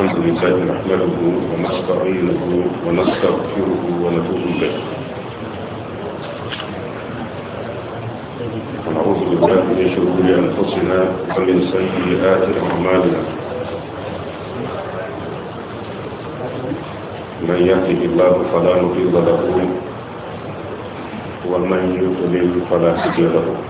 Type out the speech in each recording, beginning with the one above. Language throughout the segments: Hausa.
الحمد لله نحمده ونستعينه ونستغفره ونتوب به ونعوذ بالله من شرور انفسنا ومن سيئات اعمالنا من يهده الله فلا نضل له ومن يضلل فلا هادي له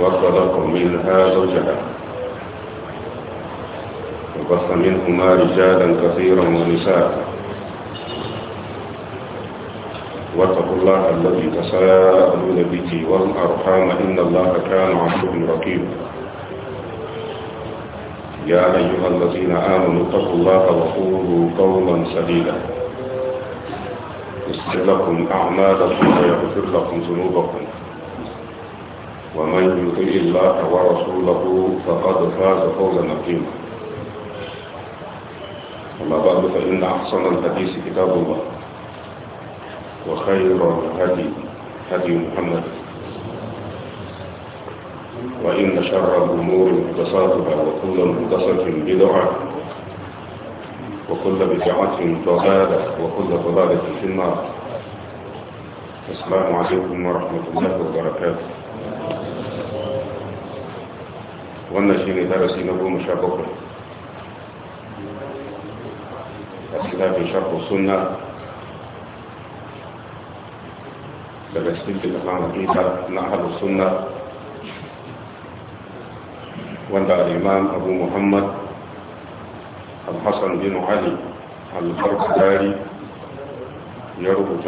وطلق منها زوجها وبث منهما رجالا كثيرا ونساء واتقوا الله الذي تساءلون به والأرحام إن الله كان عفوا رقيبا يا أيها الذين آمنوا اتقوا الله وقولوا قولا سديدا يصلح لكم أعمالكم ويغفر لكم ذنوبكم ومن يطيع الله ورسوله فقد فاز فوزا عظيما أما بعد فإن أحسن الحديث كتاب الله وخير الهدي هدي محمد وإن شر الأمور محدثاتها وكل محدثة بدعة وكل بدعة ضلالة وكل ضلالة في النار السلام عليكم ورحمة الله وبركاته وانا شيني درسي نبو مشا بكر في شرق السنة لبستيك الامام حقيقة نحل السنة وانا الامام ابو محمد الحسن بن علي الفرق داري يربط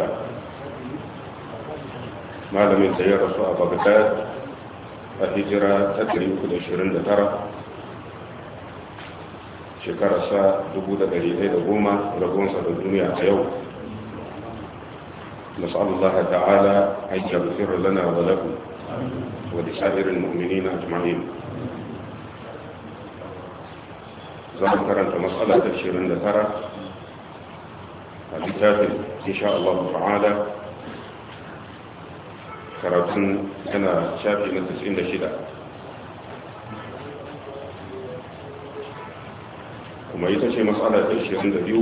ما لم ينسي يتيرسوا أبغداد a hijira ta 329 shekararsa 1110 ragonsa da duniya a yau nasu ta'ala aiki a mafi rullana da lafi wadda sa'irin mummini na jimanin zaman karanta matsala ta 29 a littafin insha Allah ta'ala karatun yana shafi na 96 kuma ita ce matsala ta 22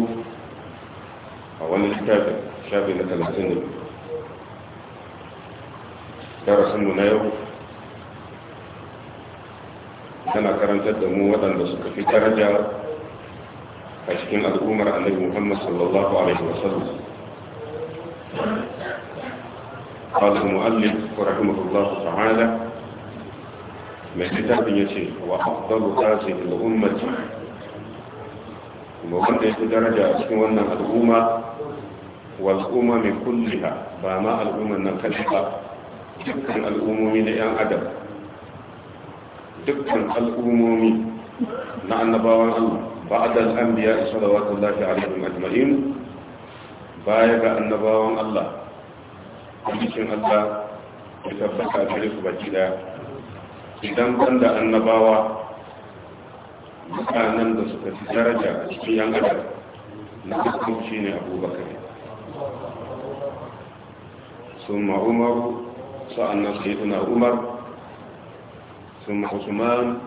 a wani shafi shafi na 32 darasinmu na yau Yana karantar da mu waɗanda suka fi daraja a cikin al'ummar annabi muhammad sallallahu alaihi wasallam قال المؤلف رحمه الله تعالى من كتاب يشي وأفضل هذه الأمة وقد درجة أسكن الأمة والأمم كلها فما الأمم نكشفة دكان الأمم لأن أدب دكان الأمم نعن باوان الله بعد الأنبياء صلوات الله عليهم أجمعين بايق النباوان الله hadisin Allah ya tabbata gare su baki daya idan banda annabawa mutanen da suka ci daraja a cikin yan adam na hukum shi ne abubakar sun ma'umaru sa'annan sayyiduna umar sun ma'usman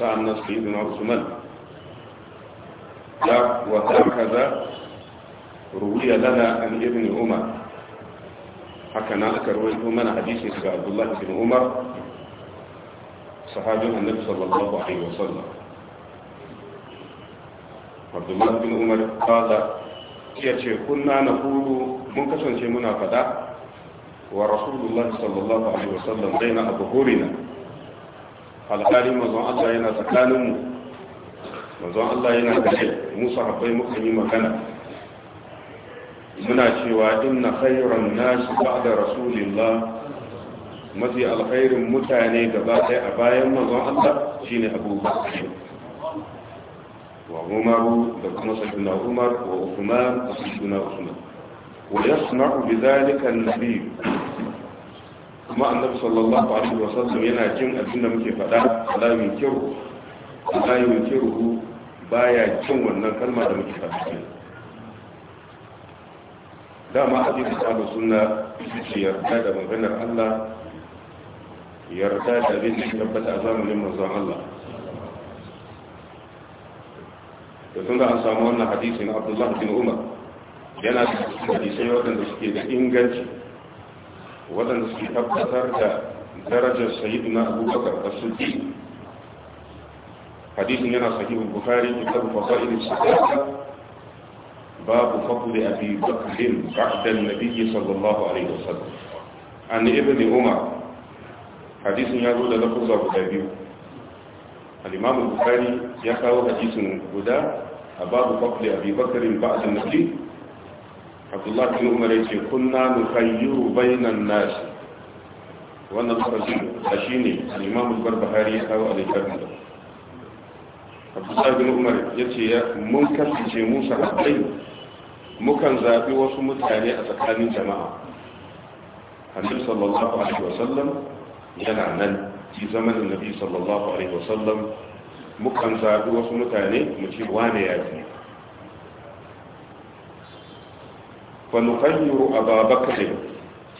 sa'annan sayyiduna usman ya wata kaza ruwiya lana an irin umar حكنا أكرويته من حديثي سبع عبد الله بن عمر صحابي النبي صلى الله عليه وسلم عبد الله بن عمر قال يأتي كنا نقول منكسا في منافدة ورسول الله صلى الله عليه وسلم بين أبهورنا قال قال مزوان الله ينا ما مزوان الله ينا تكانم موسى حقوي مكتنين مكانم muna cewa inna khayran nas ba'da rasulillah mafi alkhairin mutane gaba ɗaya a bayan mazan Allah shine Abu Bakr wa Umaru da kuma Sajuna, Umar wa Usman, da Sayyidina Uthman wa yasma'u bidhalika an-nabi kuma annabi sallallahu alaihi wa sallam yana jin abin da muke faɗa la yunkiru la yunkiru baya jin wannan kalma da muke faɗa dama a cikin tsarin suna su yarda da maganar Allah yarda da abin da tabbata a zamanin manzon Allah da sun da an samu wannan hadisi na Abdullah bin Umar yana da hadisai waɗanda suke da inganci waɗanda suke tabbatar da darajar sayyidina Abubakar as-Siddiq hadisin yana sahihul Bukhari kitab Fasail as باب فضل أبي بكر بعد النبي صلى الله عليه وسلم عن ابن عمر حديث يقول لفظ أبو دابيو الإمام البخاري يقرأ حديث هدى باب فضل أبي بكر بعد النبي عبد الله بن عمر يقول كنا نخير بين الناس وأنا أشيني الإمام البربهاري يقرأ عليه عبد الله بن عمر يقول منكر كفي موسى حقين mukan zaɓi wasu mutane a tsakanin jama'a annabi sallallahu alaihi wasallam yana nan fi zamanin nabi sallallahu alaihi wasallam mukan zaɓi wasu mutane mu ce wane ya fi fa nukhayyiru ababakr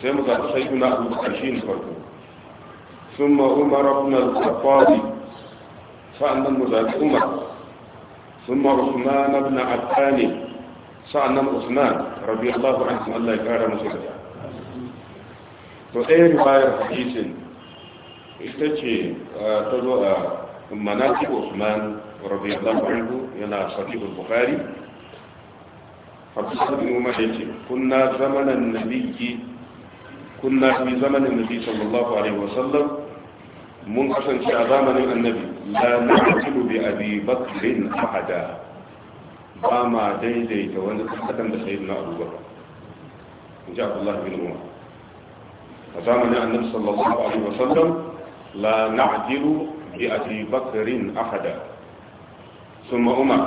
sai mu zaɓi sayyidina abubakar shi ne farko ثم عمر بن الخطاب فأنا مزاد umar ثم عثمان بن عفان sa'annan usman radiyallahu anhu Allah ya kara masa da to ɗaya riwayar hadisin ita ce ta zo a manaki usman radiyallahu anhu yana sahih al-bukhari حفصة بن عمر كنا زمن النبي كنا في زمن النبي صلى الله عليه وسلم منقسم في زمن النبي لا نعتب بأبي بكر أحدا قام ديدي توندك ختم بسيدنا أبو بكر من عبد الله بن عمر فزامني النبي صلى الله عليه وسلم لا نعدل بأبي بكر أحدا ثم عمر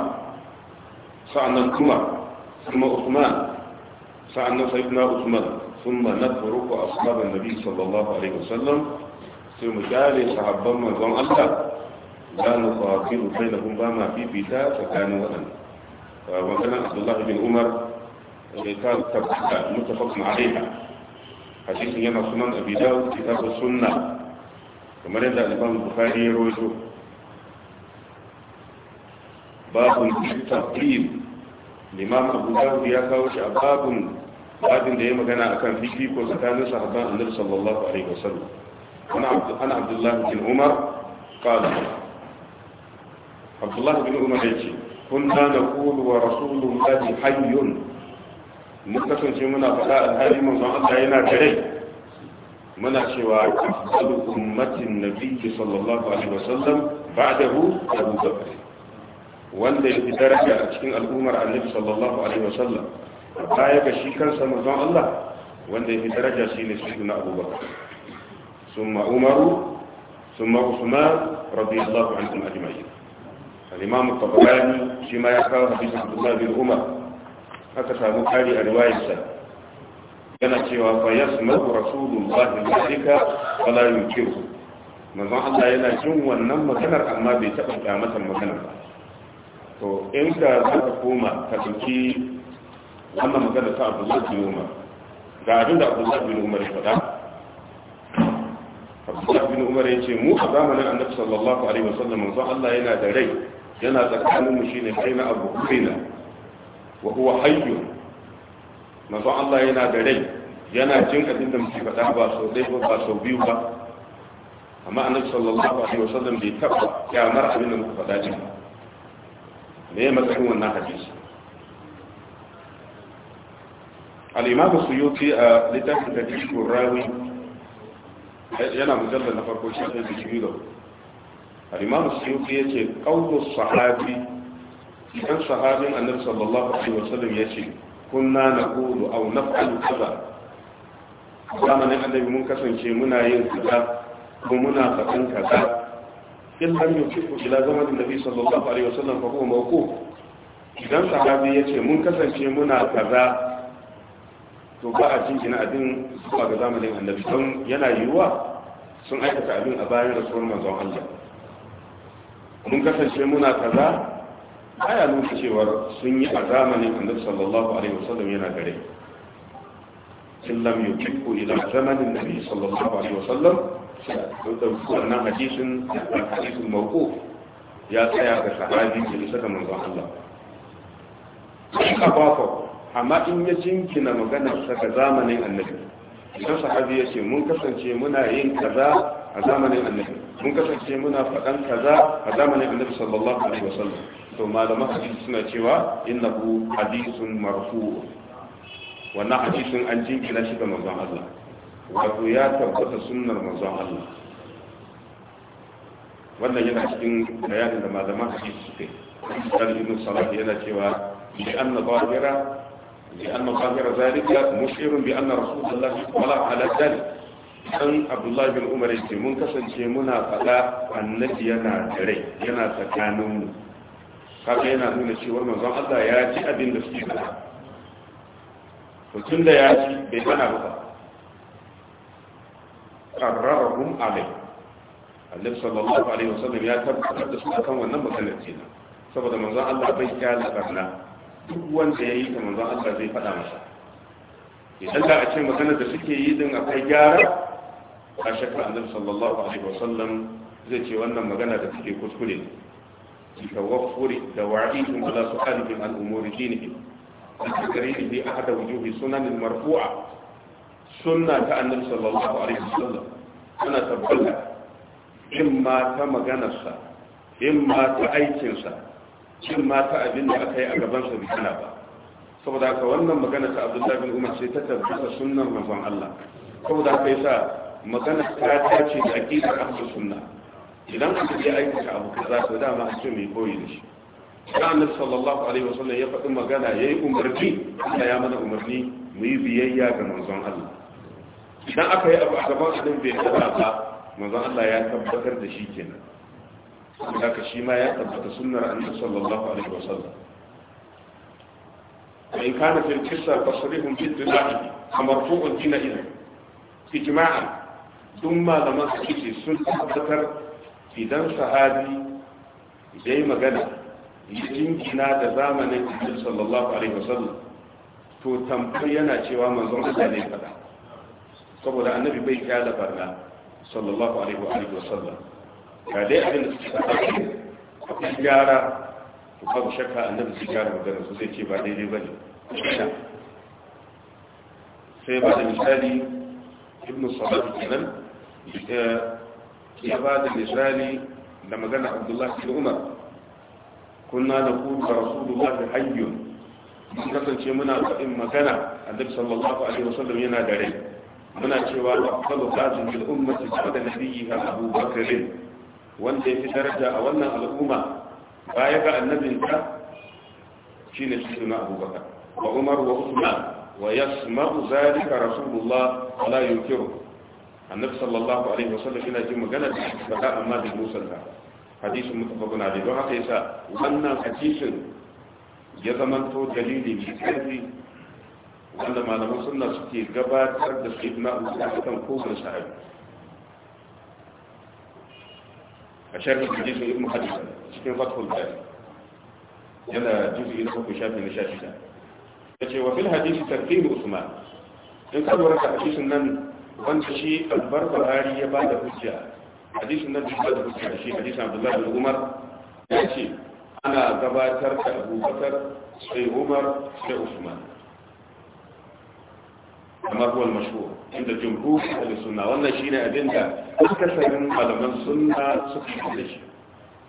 سألنا عمر ثم عثمان سألنا سيدنا عثمان ثم نترك أصحاب النبي صلى الله عليه وسلم ثم جالي صحابهم وزوم الله لا نقاتل بينهم بما في بيتا فكانوا أنت وكان عبد الله بن عمر كان تبقى متفق عليها حديث ينا سنن أبي داود كتاب السنة كما رد الإمام البخاري يروي باب في الإمام أبو داود يا كاوش باب babin في ya magana a النبي صلى الله عليه وسلم انا عبد انا عبد الله بن عمر قال عبد الله بن عمر يجي kunna naqulu wa rasulullahi hayyun mun kasance muna faɗa alhali manzon Allah yana kare muna cewa afdalu ummatin nabiyyi sallallahu alaihi wasallam ba'dahu Abu Bakr wanda ya daraja a cikin al'ummar Annabi sallallahu alaihi wasallam baya ga shi kansa manzon Allah wanda ya daraja shine sayyidina Abu Bakr ثم عمر ثم عثمان رضي الله عنهم أجمعين al-imam al-tabarani shi ma ya kawo hadisin abdullah bin umar aka samu kari a riwayarsa yana cewa fa yasma'u rasulullahi malika fala yunkiru manzon Allah yana jin wannan maganar amma bai taɓa kyamatar maganar ba to in ka za ka koma ka ɗauki wannan maganar ta abdullah bin umar ga abin da abdullah bin umar ya faɗa abdullahi bin umar ya ce mu a zamanin annabi sallallahu alaihi wasallam manzo Allah yana da rai yana tsakanin mu shine kaina abu kaina wa huwa hayyu manzo Allah yana da rai yana cin abin da muke faɗa ba sau ɗaya ba sau biyu ba amma annabi sallallahu alaihi wasallam bai ya kyamar abin da muka faɗa ba me ya matsayin wannan hadisi al-imam suyuti a littafin tafsir rawi yana mujallar na farko shi sai biyu da al-imam suyuti yace qawlu sahabi idan sahabin annabi sallallahu alaihi wasallam yace kunna naqulu aw naf'alu kaza zamanin annabi mun kasance muna yin kaza ko muna fadin kaza in lam yukifu ila zamanin nabi sallallahu alaihi wasallam fa huwa mawquf idan sahabi yace mun kasance muna kaza to ba a jinjina abin kuma ga zamanin annabi don yana yiwuwa sun aikata abin a bayan rasuwar manzon Allah mun kasance muna kaza aya nuna cewar sun yi a zamanin annabi sallallahu alaihi wasallam yana gare in lam yuqiku ila zamanin nabi sallallahu alaihi wasallam da wannan hadisin hadisin mawqu ya tsaya ga sahabi da saka manzo Allah shi ka ba amma in ya jinkina maganar sa ga zamanin annabi idan sahabi ya ce mun kasance muna yin kaza a zamanin annabi mun kasance muna faɗan kaza a zamanin annabi sallallahu alaihi wasallam to malaman hadisi suna cewa innahu hadisun marfu wannan hadisin an jinkina shi ga manzon Allah wato ya tabbata sunnar manzon Allah wannan yana cikin bayanin da malaman hadisi suke yi ibn salah yana cewa bi anna zahira لأن ظاهر ذلك مشعر بأن رسول الله ولا على ذلك dan abdullahi bin umar ya ce mun kasance muna faɗa annabi yana rai yana tsakaninmu kaga yana nuna cewar manzon Allah ya ji abin da suke faɗa to da ya ji bai hana ba qarrarhum alai Allah sallallahu alaihi wasallam ya tabbatar da su akan wannan maganar kenan saboda manzon Allah bai kyala barna duk wanda ya yi ta manzon Allah zai faɗa masa idan da a ce magana da suke yi din akwai gyara a shakka annabi sallallahu alaihi wa sallam zai ce wannan magana da suke kuskure ne ka wafuri da wa'idun ala su'alihim al umuri dinihim al-karimi bi ahad wujuhi sunan marfua sunna ta annabi sallallahu alaihi wa wasallam ana tabbata imma ta maganarsa imma ta aikinsa cin mata abin da aka yi a gabansa bai hana ba saboda haka wannan magana ta abdullahi bin umar ce, ta tabbata sunnar manzon Allah saboda haka yasa magana ta tace da aqidar ahlus sunna idan aka je aikata abu kaza to dama a ce mai koyi da shi da annabi sallallahu alaihi wasallam ya faɗi magana yayi umarni Allah ya mana umarni mu yi biyayya ga manzon Allah idan aka yi abu a gaban abin bai ba manzon Allah ya tabbatar da shi kenan haka shi ma ya tabbata sunnar annabi sallallahu alaihi wasallam وإن كان في القصة تصريح بالدلاء فمرفوع دين إذن إجماعا ثم لما سكتي سنة ذكر إذن صحابي زي ما قال يجين جنا زمن النبي صلى الله عليه وسلم to tambayana cewa manzon Allah ne fada saboda annabi bai kyala barna sallallahu alaihi wa sallam ga dai abin da suke faɗa akwai gyara to babu shakka annabi su gyara magana su zai ce ba daidai ba ne sai ba da misali ibn salat kenan ya ba da misali da magana abdullahi bin umar kunna da kuma rasulullahi hayyun mun kasance muna faɗin magana annabi sallallahu alaihi wasallam yana da rai muna cewa afdalu hadhihi al-ummati ba'da nabiyyiha Abu Bakr wanda ya fi daraja a wannan al'umma baya ga annabinka shi ne shi suna abubakar wa umar wa usman wa ya yasma'u zalika rasulullah ala yunkiru annabi sallallahu alaihi wasallam yana jin magana da faɗa amma da musalta hadisin mutafakun alai don haka yasa wannan hadisin ya zamanto dalili mai ƙarfi wanda malaman sunna suke gabatar da sayyidina abubakar kan kowane sahabi الشيخ في جزء ابن حديثة في فتح الباري هنا جزء ابن في شاب من وفي الحديث تركيب عثمان إن كان ورد حديث أن وان شيء أكبر بهاري بعد الحجة حديث أن بعد الحجة حديث عبد الله بن عمر يأتي أنا قباتر أبو بكر سي عمر سي عثمان كما هو المشهور inda jumhur da sunna wannan shine abin da akasarin malaman sunna suka yi da shi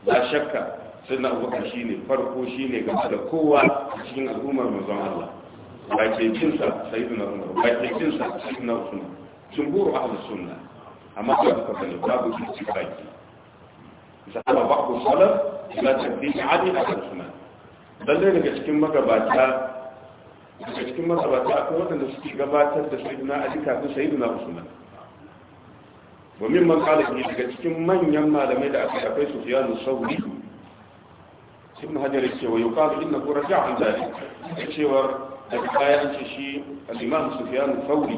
la shakka sunna abubakar shine farko shine gaba da kowa cikin al'ummar manzon Allah ba ke cin sa sayyidina Umar ba ke cin sa sayyidina Usman jumhur ahlus sunna amma ba ka bane babu shi baki zaba ba ku salaf la tabbi ali ahlus sunna dalle daga cikin magabata daga cikin mazabata akwai waɗanda suke gabatar da sayyidina ali kafin sayyidina usman domin man kala ne daga cikin manyan malamai da aka akwai su fiyanu sauri ibn hajjar ya cewa yau kala inna ko raja an zari da cewa daga baya an ce shi al-imam sufyan sauri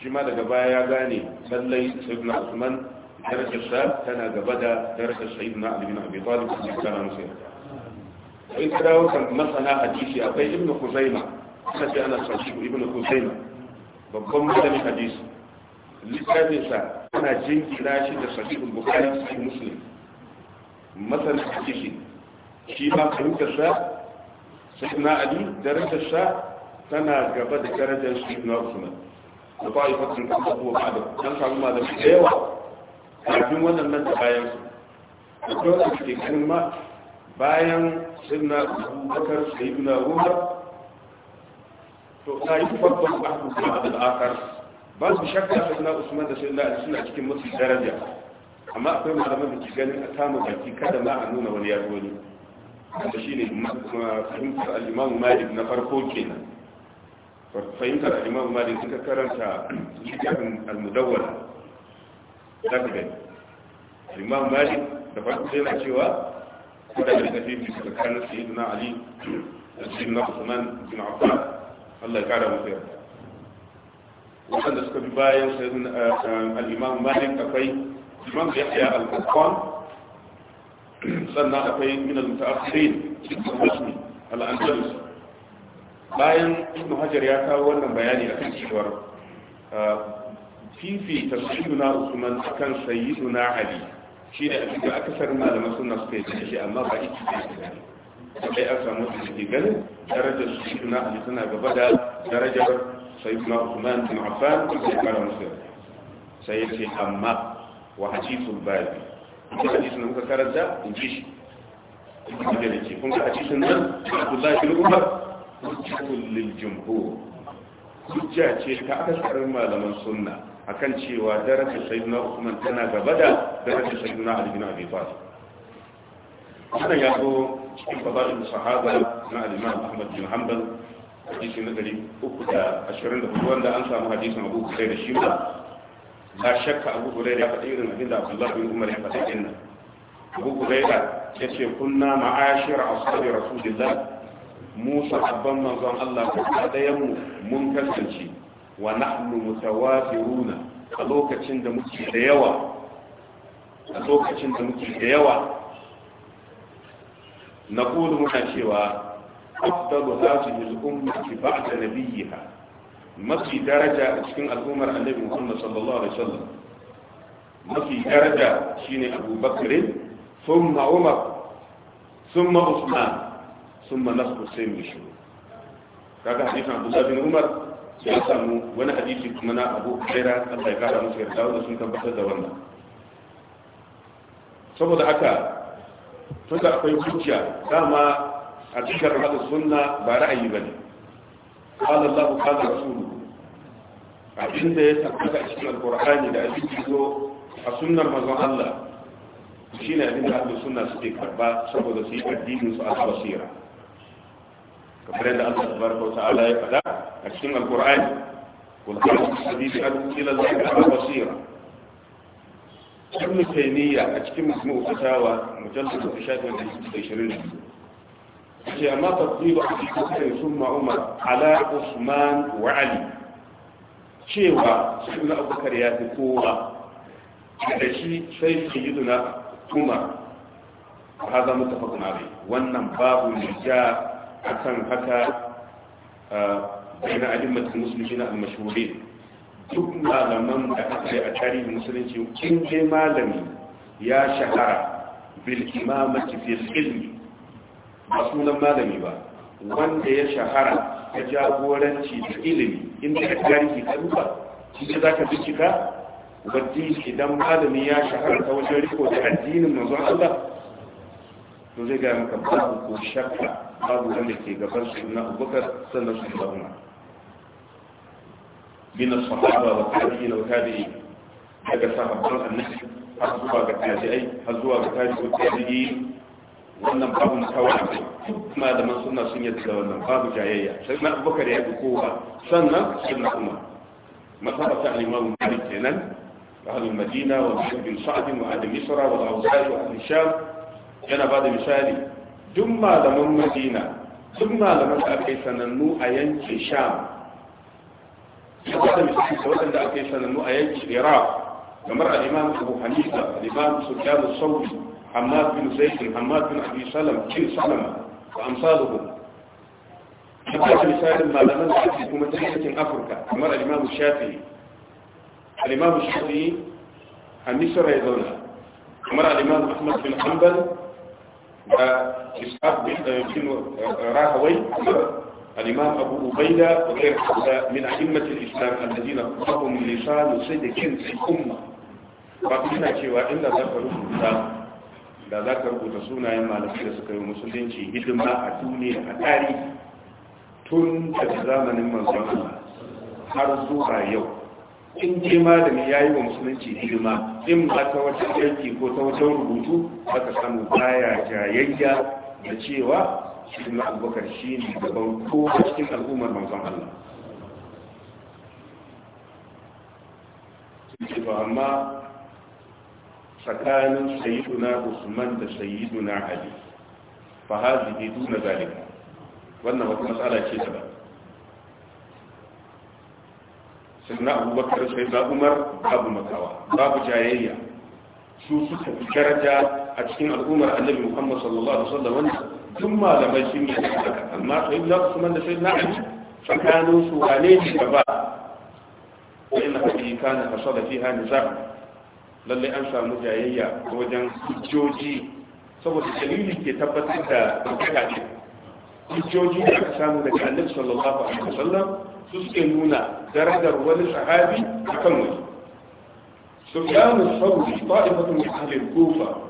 shi ma daga baya ya gane lallai sayyidina usman darajar sa tana gaba da darajar sayyidina ali bin abi talib da kana musa sai ta dawo kan masana hadisi akwai ibn khuzaimah aka ce ana son shi ibn Husayn babban malamin hadisi littafin sa ana jinkira shi da sahih bukhari sahih muslim masalan hadisi shi ma fahimtar sa sayyidina ali darajar sa tana gaba da darajar sayyidina usman da ta'ifatul kufa ko ba'da dan samu malamin da yawa kafin wannan nan da bayan su dole ke kuma bayan sayyidina abubakar sayyidina umar to ta yi babban ahmad al'akar babu shakka sai na usman da sai na ali suna cikin musu daraja amma akwai malaman da ke ganin a tamu baki kada ma a nuna wani yaro ne da shi ne fahimtar al'imamu malik na farko kenan fahimtar al'imamu malik suka karanta littafin al-mudawwala za ka gani al'imamu malik da farko sai na cewa kada da tafi bisa tsakanin sayyidina ali da sayyidina usman bin affan Allah ya kara musu yarda wanda suka bi bayan sayyidun eh, eh, al-imam malik akwai imam yahya al-qattan sannan akwai min al-muta'akhirin cikin rasmi al-andalus bayan ibn hajar ya kawo wannan bayani akan cewar eh, fifi tafsiruna usman akan sayyiduna ali shi ne a cikin akasar malaman sunna suka yi shi amma ba ita ne sai a samu su ke ganin darajar su Suna ali tana gaba da darajar sayyidina na bin Affan da kara musu sai ce amma wa hadithul babi ita hadisin da muka karanta in ji shi da yake kun ga hadisin nan Abdullahi bin Umar hujjatul lil jumhur hujja ce ta aka akasarin malaman sunna akan cewa darajar na Uthman tana gaba da darajar sayyidina Ali bin Abi Talib wannan ya zo cikin fadailin sahaba na al-imam ahmad bin hanbal hadisi na 324 wanda an samu hadisin abu hurairah shi ma ba shakka abu hurairah ya faɗi irin abin da abdullah bin umar ya faɗi din nan abu hurairah ya ce kunna ma'ashir ashabi rasulillah mu sahabban manzon Allah ko ɗayan mu mun kasance wa nahnu mutawafiruna a lokacin da muke da yawa a lokacin da muke da yawa نقول منا شوى أفضل هذه الأمة بعد نبيها mafi daraja a cikin al'ummar annabi muhammad sallallahu alaihi wasallam mafi daraja shine abu bakr thumma umar thumma usman thumma nasbu sai mu shi kaga hadisin abdullah bin umar ya samu wani hadisi kuma na abu huraira Allah ya kara musu yarda da sun tabbatar da wannan saboda haka tun da akwai hujja dama a cikin ra'ayi sunna ba ra'ayi bane qala Allahu qala rasulu abinda ya tabbata a cikin alqur'ani da abin da zo a sunnar manzon Allah shine abin da ahlus sunna suke karba saboda su yi addinin su al-basira kamar yadda Allah tabaraka wa ta'ala ya faɗa a cikin alqur'ani qul qala sabibi ila al-basira ibn taymiya a cikin musmu fatawa mujallad 22 ce amma tafsiru a cikin kai sun umar ala usman wa ali cewa na abubakar ya fi kowa da shi sai yi sayyiduna umar هذا متفق عليه wannan babu ja akan haka بين أئمة المسلمين المشهورين duk malaman da aka yi a tarihin musulunci in dai malami ya shahara bil imamati fil ilmi ba sunan malami ba wanda ya shahara ta jagoranci da ilimi inda ya tarihi ta rufa shi ne za ka bincika wadda idan malami ya shahara ta wajen riko da addinin manzon Allah to zai ga maka babu ko shakka babu wanda ke gaban sunan abubakar sannan sun zauna. min as-sahaba wa tabi'in wa tabi'in daga sahabban annabi har zuwa ga tabi'ai har zuwa ga tabi'u tabi'in wannan babu mutawa kuma da man sunna sun yadda wannan babu jayayya sai na abubakar ya duko ba sannan sai na kuma masaba ta al-imam malik kenan wa ahli madina wa bin sa'd wa ahli misra wa al-awsat wa ahli sham yana bada misali duk malaman madina duk malaman da aka yi sanannu a yankin sham ya bada misali da waɗanda aka yi sanannu a yankin iraq kamar al'imam abu hanifa al'imam sufyan sauri hamad bin zaid hamad bin abi salam kin salama wa amsaluhum ya bada misalin malaman da kuma tarihin afirka kamar al'imam shafi'i al'imam shafi'i a misra ya zauna kamar al'imam ahmad bin hanbal da ishaq bin rahawai Alima, أبو أبيدة وغير هؤلاء Mina, أئمة الإسلام الذين لهم لسان صدق في cewa inda za ka rubuta da rubuta sunayen malamai da suka yi musulunci hidima a duniya a tarihi tun daga zamanin manzon har zuwa yau in je malami ya yi wa musulunci hidima in ba ta wata aiki ko ta wata rubutu aka samu baya jayayya da cewa sayyidina abubakar shi ne gaban kowa cikin al'ummar manzon Allah sai ba amma tsakanin sayyiduna Usman da sayyiduna Ali fa hazihi duna zalika wannan wata matsala ce ta ba sannan abubakar sai za umar babu makawa babu jayayya su suka fi daraja a cikin al'ummar annabi muhammad sallallahu alaihi wasallam wanda tun malamai shi ne amma sai na su man da sai na ali tsakanin su wane ne gaba sai na hadi kana hasala fiha nizar lalle an samu jayayya wajen hujjoji saboda dalili ke tabbatar da dokaka ce hujjoji da aka samu daga annabi sallallahu alaihi wasallam su suke nuna darajar wani sahabi akan wani sufyan al-thawri ta'ifatu min ahli al-kufa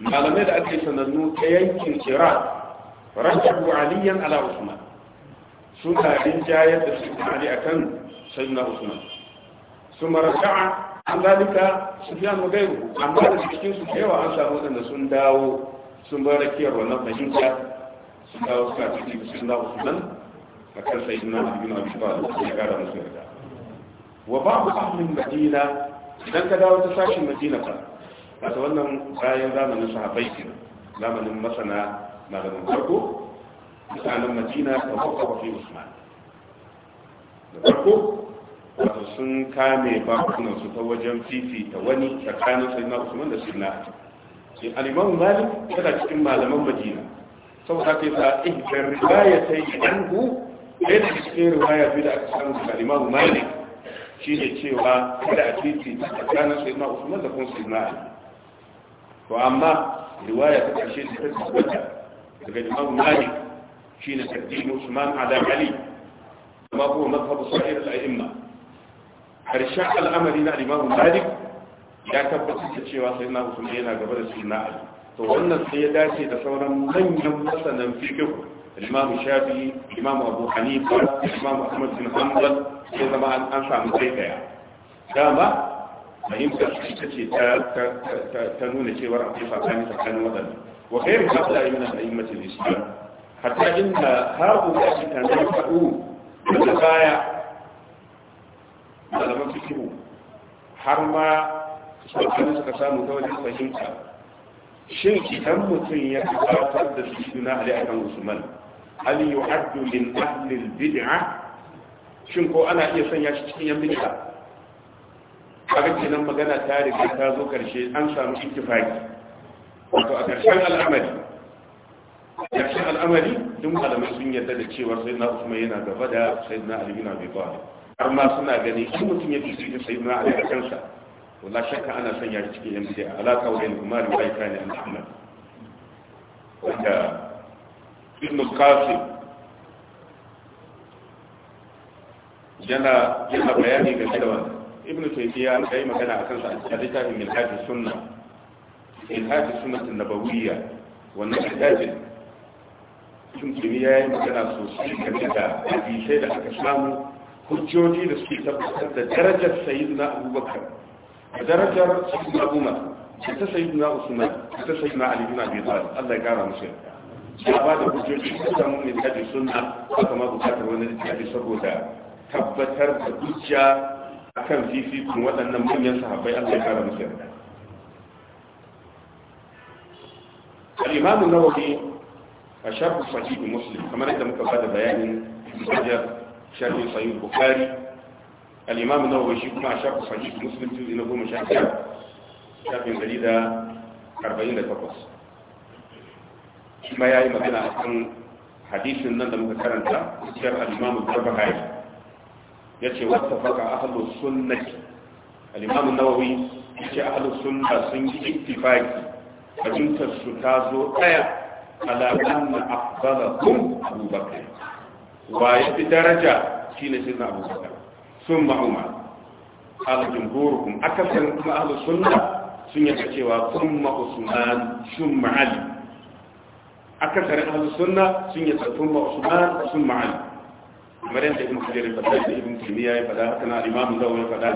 malamai da ake sanannu ta yankin iran rajabu aliyan ala usman suna jayar da su ali akan sayyidina usman su marasha'a an zalika su fi an gairu, amma da cikin su cewa an samu wadanda sun dawo sun bar rakiyar wannan fahimta sun dawo suka ciki cikin sayyidina usman a kan sayyidina abin abin ba da ya kara musu yarda wa babu ahlin madina idan ka dawo ta sashin madina ba wata wannan bayan zamanin sahabbai ke zamanin masana malamin farko mutanen madina da wakwa fi usman da farko wato sun kame bakunan su ta wajen fifita wani tsakanin sai na usman da sinna sai alimamu malik yana cikin malaman madina saboda kai sa ihdar riwaya ta yi anhu ɗaya da cikin riwaya biyu da aka samu da alimamu malik shi ne cewa kada a titi tsakanin sai na usman da kuma sinna وعما رواية الحسين حسن بدا لكن الإمام مالك حين تقديم عثمان على علي كما هو مذهب صحيح الأئمة حرشاء الأمر إلى الإمام مالك لا تبقى تشي واصلنا وسمينا قبل السنة علي فهنا السيداتي تصورا من يمسنا في كفر الإمام الشافعي، الإمام أبو حنيفة، الإمام أحمد بن حنبل، هذا ما أنفع من ذلك يعني. fahimtar ita ce ta nuna cewar akwai tsakani tsakanin waɗanda wa kai mu haɗa yi mana a'immatu al-islam hatta inda haɗu da shi ta nan faɗu da baya malaman fikihu har ma tsakanin suka samu ta wajen fahimta shin idan mutum ya gabatar da su na ali akan usman hal yu'addu lil ahli al-bid'ah shin ko ana iya sanya shi cikin yan bid'ah kaga kenan magana ta riga ta zo ƙarshe, an samu ittifaki wato a ƙarshen al'amari Ƙarshen al'amari duk malamai sun yarda da cewa na Usman yana gaba da sai na bin Abi ba. har ma suna gani in mutum ya fi sai na a kansa wala shakka ana son shi cikin yanzu da alaka wajen kuma da riwaita ne an Muhammad wanda ibn qasim yana yana bayani ga cewa ابن تيمية أي مكان أكان حديثه من هذه السنة من هذه السنة النبوية والنحتاج ثم تيمية أي مكان سوسي كمدة في سيد الإسلام كجودي لسكيتة حتى درجة سيدنا أبو بكر درجة سيدنا أبو مكر حتى سيدنا عثمان حتى سيدنا علي بن أبي طالب الله يكرم مسلم Sahabat abu Jujur kita mungkin tadi sunnah, kita mahu kata wanita tadi sebut tak. Tabatar berbicara akan fifikun waɗannan manyan sahabbai Allah ya kara musu yarda al-imam an-nawawi a sharh sahih muslim kamar yadda muka bada bayanin hajar sharh sahih bukhari al-imam an-nawawi shi kuma a sharh sahih muslim juz'i na 10 shafin 48 shi ma yayi magana akan hadisin nan da muka karanta sharh al-imam al-bukhari yace wata faka ahlus sunnati al-imam an-nawawi yace sunna sun yi ittifaqi fahimtar su ta zo ɗaya daya ala anna afdalakum abubakar wa fi daraja shi ne shine na abubakar summa umar al-jumhurukum akasar kuma ahlus sunna sun yaka cewa summa usman sun ali akasar ahlus sunna sun yaka summa usman sun ali مرن جي مو جيري فدا جي مو سيمياي فدا كنا امام داو مي فدا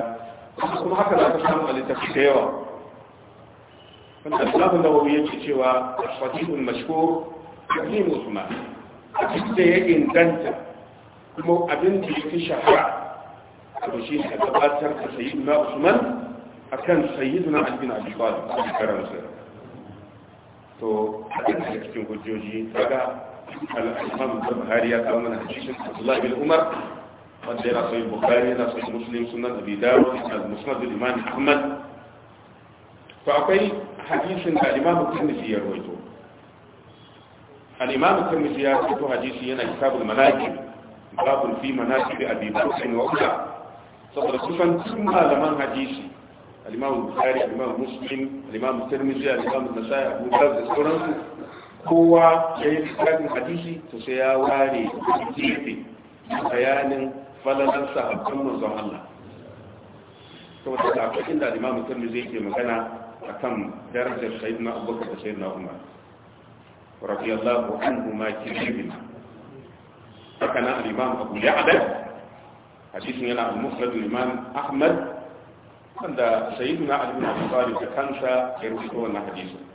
كما حكى الاسلام علي تكيو فدا الله داو مي يتي تيوا فضيل المشكور كريم عثمان كيتي ان دانتا مو ابين دي في شفاعه كوشي سبعتر سيدنا عثمان اكن سيدنا علي بن ابي طالب كرم الله تو حتى نحكي كيو جوجي فدا الإمام البخاري قال من حديث عبد الله بن عمر wanda yana sahih bukhari yana sahih muslim sunan abi dawud al-musnad al-imam ahmad to akwai hadisin da imam tirmidhi ya rawaito al-imam tirmidhi ya rawaito hadisi yana kitabul manaqib babu fi manaqib abi bakr wa umar saboda kusan tun malaman hadisi al-imam bukhari al-imam muslim al-imam tirmidhi al-imam nasai abu dawud da sauransu kowa ya yi littafin hadisi to sai ya ware gefe bayanin falalar sahabban manzon Allah saboda da akwai inda limamu turmi zai ke magana a kan darajar sayyidina abubakar da sayyidina umar radiyallahu anhu ma kiribin haka na al-imam abu ya'la hadisin yana al-mufrad imam ahmad wanda sayyidina ali bin abi talib da kansa ya rubuta wannan hadisin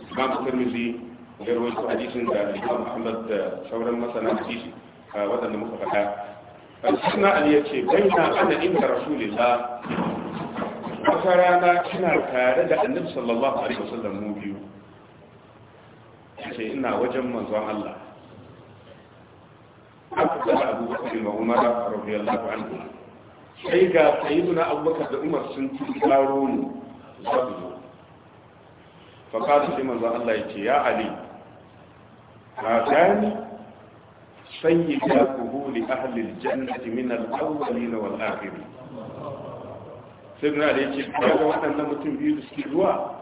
الإمام الترمذي غير وجه حديث عند الامام احمد آه، شورا مثلا حديث آه، وزن مفرحا السنة اللي يتشي بين انا عند رسول الله وكرانا كنا كارد النبي صلى الله عليه وسلم موبيو يتشي انا وجم من زوان الله أكبر أبو بكر وعمر رضي الله عنهما. شيخا سيدنا أبو بكر وعمر سنتي كارون زبدو faƙaɗa sai manzan Allah ya ce ya ali a gani sanyi ta kuhu li ahalil jannati min al-awwali na wal akhiri sai na da yake kaga waɗannan mutum biyu da suke zuwa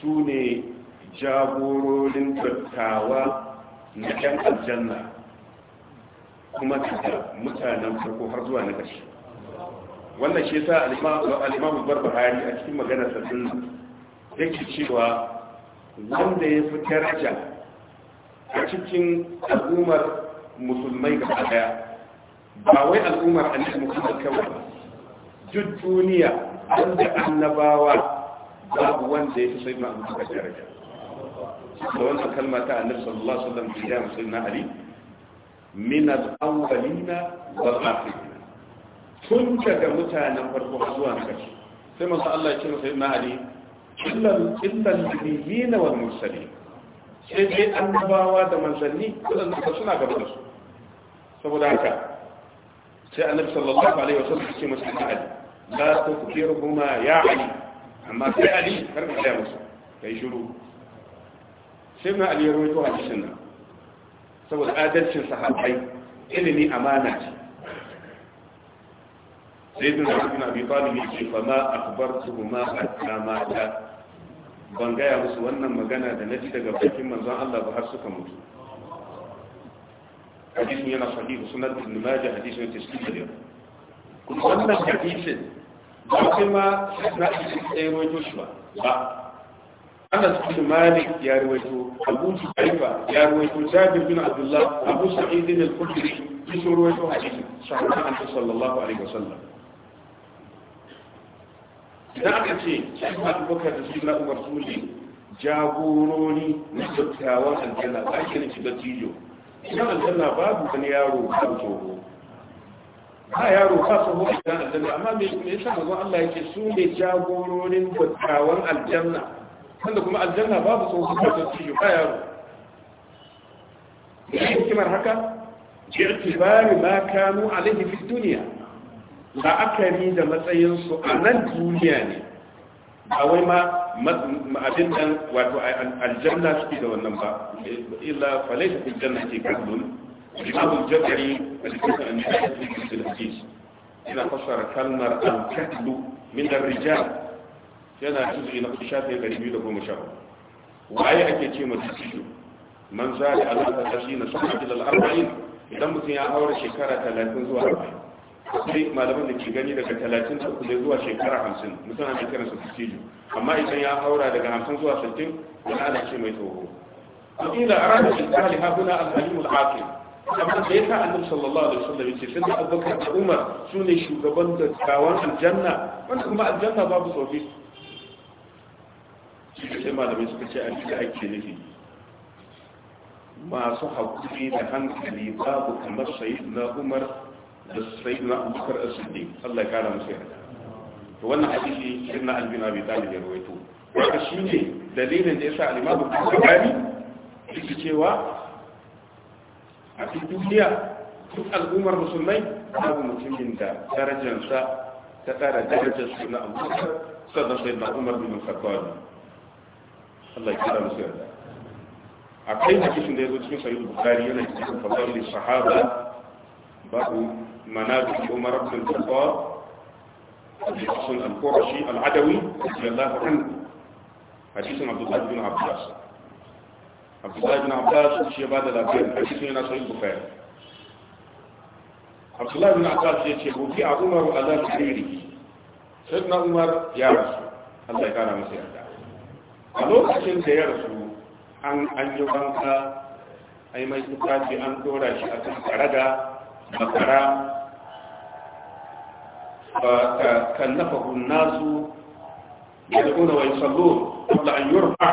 su ne jagororin dattawa na ƴan aljanna kuma daga mutanen farko har zuwa na ƙarshe wannan shi yasa al-imamu barbahari a cikin maganar sa yake cewa wanda ya fi daraja a cikin al'ummar musulmai gaba daya ba wai al'ummar annabi muhammad kawai ba duk duniya wanda annabawa babu wanda ya fi sai ma abubakar daraja da wannan kalma ta annabi sallallahu alaihi wasallam da ya musulna ali min al-awwalina wal akhirin tun daga mutanen farko zuwa karshe sai masu Allah ya ce masa ibn ali illan illan nabiyina wal mursalin sai dai annabawa da manzanni waɗanda ka suna gaba da su saboda haka sai annabi sallallahu alaihi wasallam ya ce masa ali la tukfiruhuma ya ali amma sai ali kar ka tsaya musu yi shiru sai na ali ya rawaito hadisin nan saboda adalcin sahabbai ilimi amana ce sayyidina ibn abi talib ya ce fa ma a kama ta. ban gaya musu wannan magana da na ji daga bakin manzon Allah ba har suka mutu hadisin yana sahihu sunan ibn majah hadisin tisbiyar kuma wannan hadisin ba sai ma na hadisin ɗaya rawaito shi ba ba Anas bin Malik ya rawaito Abu Haifa ya rawaito Jabir bin Abdullah Abu Sa'id bin al-Khudri sun rawaito hadisin sahabban Annabi sallallahu alaihi wasallam idan aka ce shi ba abubakar da shi na umar su ne jagorori na dattawan aljanna ba ake nufi da tijo idan aljanna babu wani yaro ba babu tsoho ba yaro ba su tsoho idan aljanna amma me yasa mazan allah yake su ne jagororin dattawan aljanna wanda kuma aljanna babu tsoho ba tijo ba yaro ne hikimar haka jirki jirtibari ma kanu alaihi fi duniya la'akari da matsayinsu a nan duniya ne a wai ma abin nan wato aljanna suke da wannan ba illa falaita fi janna ke kallon imamul jabari a an cikin annabi fil hadis ina fassara kalmar al-kadlu min ar-rijal yana cikin na shafi 214 waye ake ce mata cikin man zali ala 30 sa'a ila al-40 idan mutum ya aure shekara talatin zuwa arba'in. akwai malaman da ke gani daga 30 da uku zuwa shekara 50 mutum ana kiran su fitilu amma idan ya haura daga 50 zuwa 60 wani ana ce mai tsoho wakila a ranar shekara al haguna al-aqil kamar da ya annab sallallahu alaihi wasallam yace sai abubakar da umar su ne shugaban da dattawan aljanna wanda kuma aljanna babu tsofi sai malamai suka ce an da ake nufi masu hakuri da hankali babu kamar sayyidina umar da sayyidina abubakar as Allah ya kara masa yarda to wannan hadisi sirna albin abi talib ya rawaito haka dalilin da yasa al-imamu al-bukhari yake cewa a cikin duniya duk al'ummar musulmai babu mutumin da darajarsa ta tsara darajar sirna abubakar sannan sayyidina umar bin al Allah ya kara masa yarda akwai hadisin da ya zo cikin sahih bukhari yana cikin fadl sahaba babu منازل عمر بن الخطاب أبي حسن القرشي العدوي رضي الله عنه حديث عبد الله بن عباس عبد الله بن عباس شيء بعد الأبيض حديث من صحيح البخاري عبد الله بن عباس يقول في عمر على كثيره سيدنا عمر يا رسول الله يكرم مسيرته a lokacin da ya rasu an yi wanka ai mai tuka ce an dora shi a kan karaga makara فكلفه wani يدعون ويصلون an yi rufa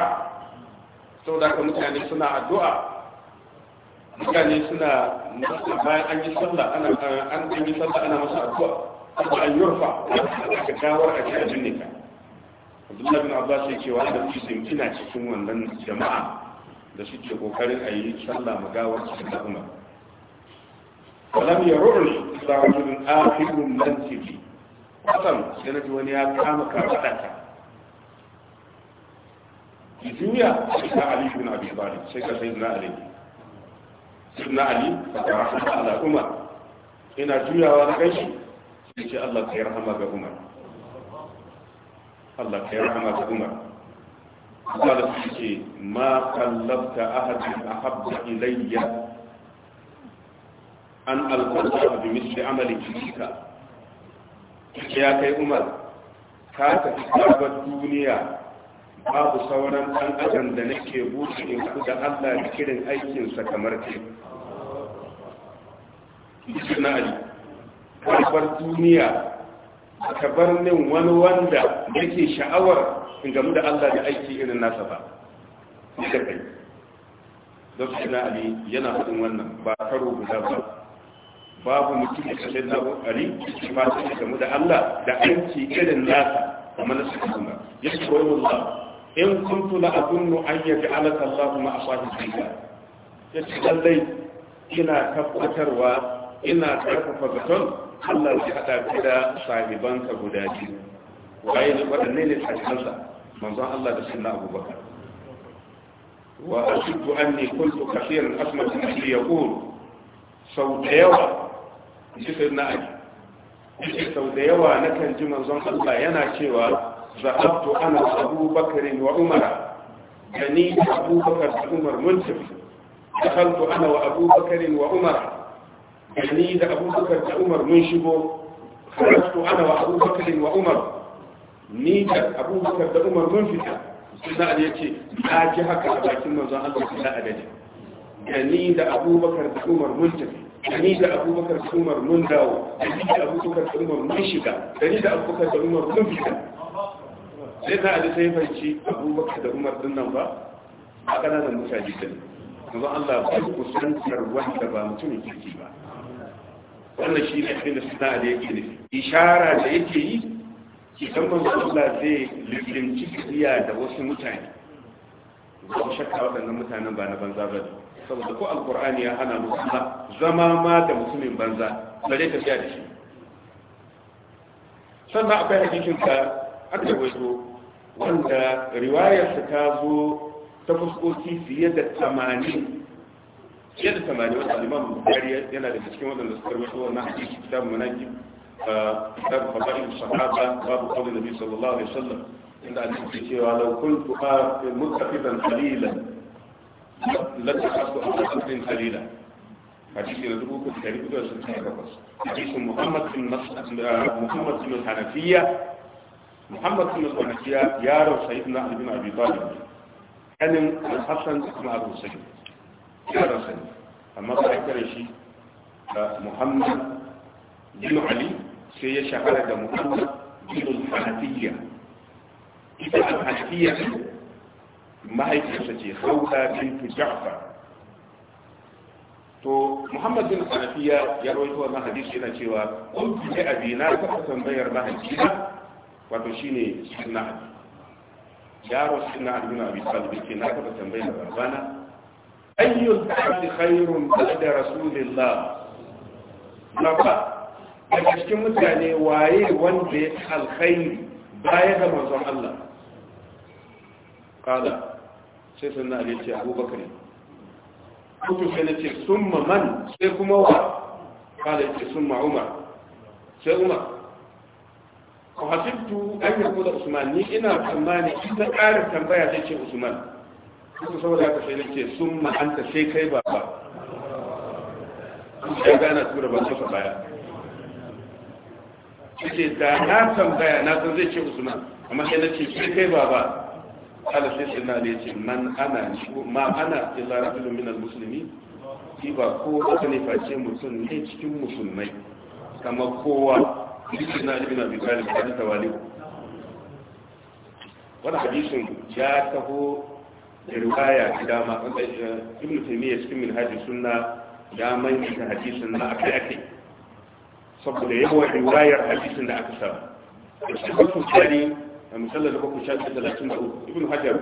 sau da aka mutane suna addu'a mutane suna bayan an yi sallah ana an yi sallah ana masa addu'a kuma an yurfa aka gawar a cikin jinnika Abdullah bin abuwa sai ke wa da su kina cikin wannan jama'a da suke kokarin a yi sallah magawar cikin al'umma ولم يرعش إلا رجل آخر منسبي قسم سنة ونيا كام كرتك جويا سيدنا علي بن أبي طالب سيدنا علي سيدنا علي رحمه على عمر ina juyawa na gaishe sai ce Allah ka yi rahama ga Umar Allah ka yi rahama ga Umar Allah da suke ma kallabta ahadin ahabba ilayya an alƙarfa bi misli amalin jikika ya kai umar ka tafi sabon duniya babu sauran ɗan ajan da nake buɗe in ku da allah da kirin aikinsa kamar ke na ali karbar duniya ka bar min wani wanda yake sha'awar in gamu da allah da aiki irin nasa ba da kai don suna ali yana faɗin wannan ba karo guda ba babu mutum da kashe na kokari ba su da da Allah da aiki irin nasa a na suka suna ya ce wai wallah in kuntu la azunnu an yaj'ala Allahu ma asahi bika ya ce lallai ina tabbatarwa ina karfafa zaton Allah ya hada ki da sahibanka guda biyu waye ne wadanne ne sahibansa manzon Allah da sunna Abubakar wa ashiddu anni kuntu kaseeran asma bi yaqul sau da yawa shi sai na ali shi sau da yawa na kan ji manzon Allah yana cewa zahabtu ana Abu Bakr wa Umar da ni Abu Bakr da Umar mun ce. dakhaltu ana wa Abu Bakr wa Umar da ni da Abu Bakr da Umar mun shigo kharajtu ana wa Abu Bakr wa Umar ni da Abu Bakr da Umar mun fita sai ya ce, ya ji haka a bakin manzon Allah sallallahu alaihi wasallam da ni da Abu Bakr da Umar mun tafi ni da abubakar umar mun dawo da ni da abubakar umar mun shiga da ni da abubakar umar mun fita sai ta aji sai fanci abubakar da umar din nan ba a kananan mutane din kuma Allah ba ku kusantar wanda ba mutumin kirki ba wannan shi ne abin da suna da yake ne ishara da yake yi idan manzo Allah zai lubinci kiriya da wasu mutane babu shakka waɗannan mutanen ba na banza ba saboda ko alkur'ani ya hana mu zama ma da musulmin banza bare tafiya da shi sannan akwai hadisin ka aka wato wanda riwayarsa ta zo ta fuskoki fiye da tamanin fiye da tamanin wata liman bukari yana da cikin waɗanda suka rubuta wannan hadisi kitabun manaki uh, kitabun fadailus sahaba babu qawli nabi sallallahu alaihi wasallam inda an ce cewa lau kuntu a mutafifan kalilan lati hasu a mutafifin kalilan hadisi da dubu kuka dari kuka sun kai gabas hadisin muhammad bin hanafiya muhammad bin hanafiya yaron sayyidina ali bin abi talib kanin al-hasan ibn abu sayyid yaron sani amma ba a kare shi muhammad bin ali sai ya shahara da muhammad bin hanafiya ita al-hadiya Mahaifinsa ce sauda bintu ja'far to muhammad bin sanafiya ya rawaito wa hadisi yana cewa kuntu sai abi na taɓa tambayar mahaifina wato shine sunna abi yaro sunna abi na abi talib ke na taɓa tambayar babana ayyul ta'ati khairun da rasulillah naba daga cikin mutane waye wanda ya alkhairi baya ga manzon Allah kala sai sannan ali ce abubakar kuma sai na ce sun man sai kuma wa kala ce sun umar sai umar a hasibtu an yi da usman ni ina tsammani ita ƙarin tambaya sai ce usman kuma saboda haka sai na ce sun ma'anta sai kai ba ba sai gana tura ba su baya ce da na tambaya na san zai ce usman amma sai na ce sai kai ba ba ala sai suna da yace man ana ma ana illa rajulun minal muslimi shi ba ko aka ne face mutum ne cikin musulmai kama kowa cikin na ibn abi talib ta tawali Wani hadisin ya taho da riwaya da dama ibn taymiyyah cikin minhajus sunna ya maimaita hadisin na akai akai saboda yawan riwayar hadisin da aka samu da shi ba su a misalar da bakwai shafi talatin da uku ibn hajar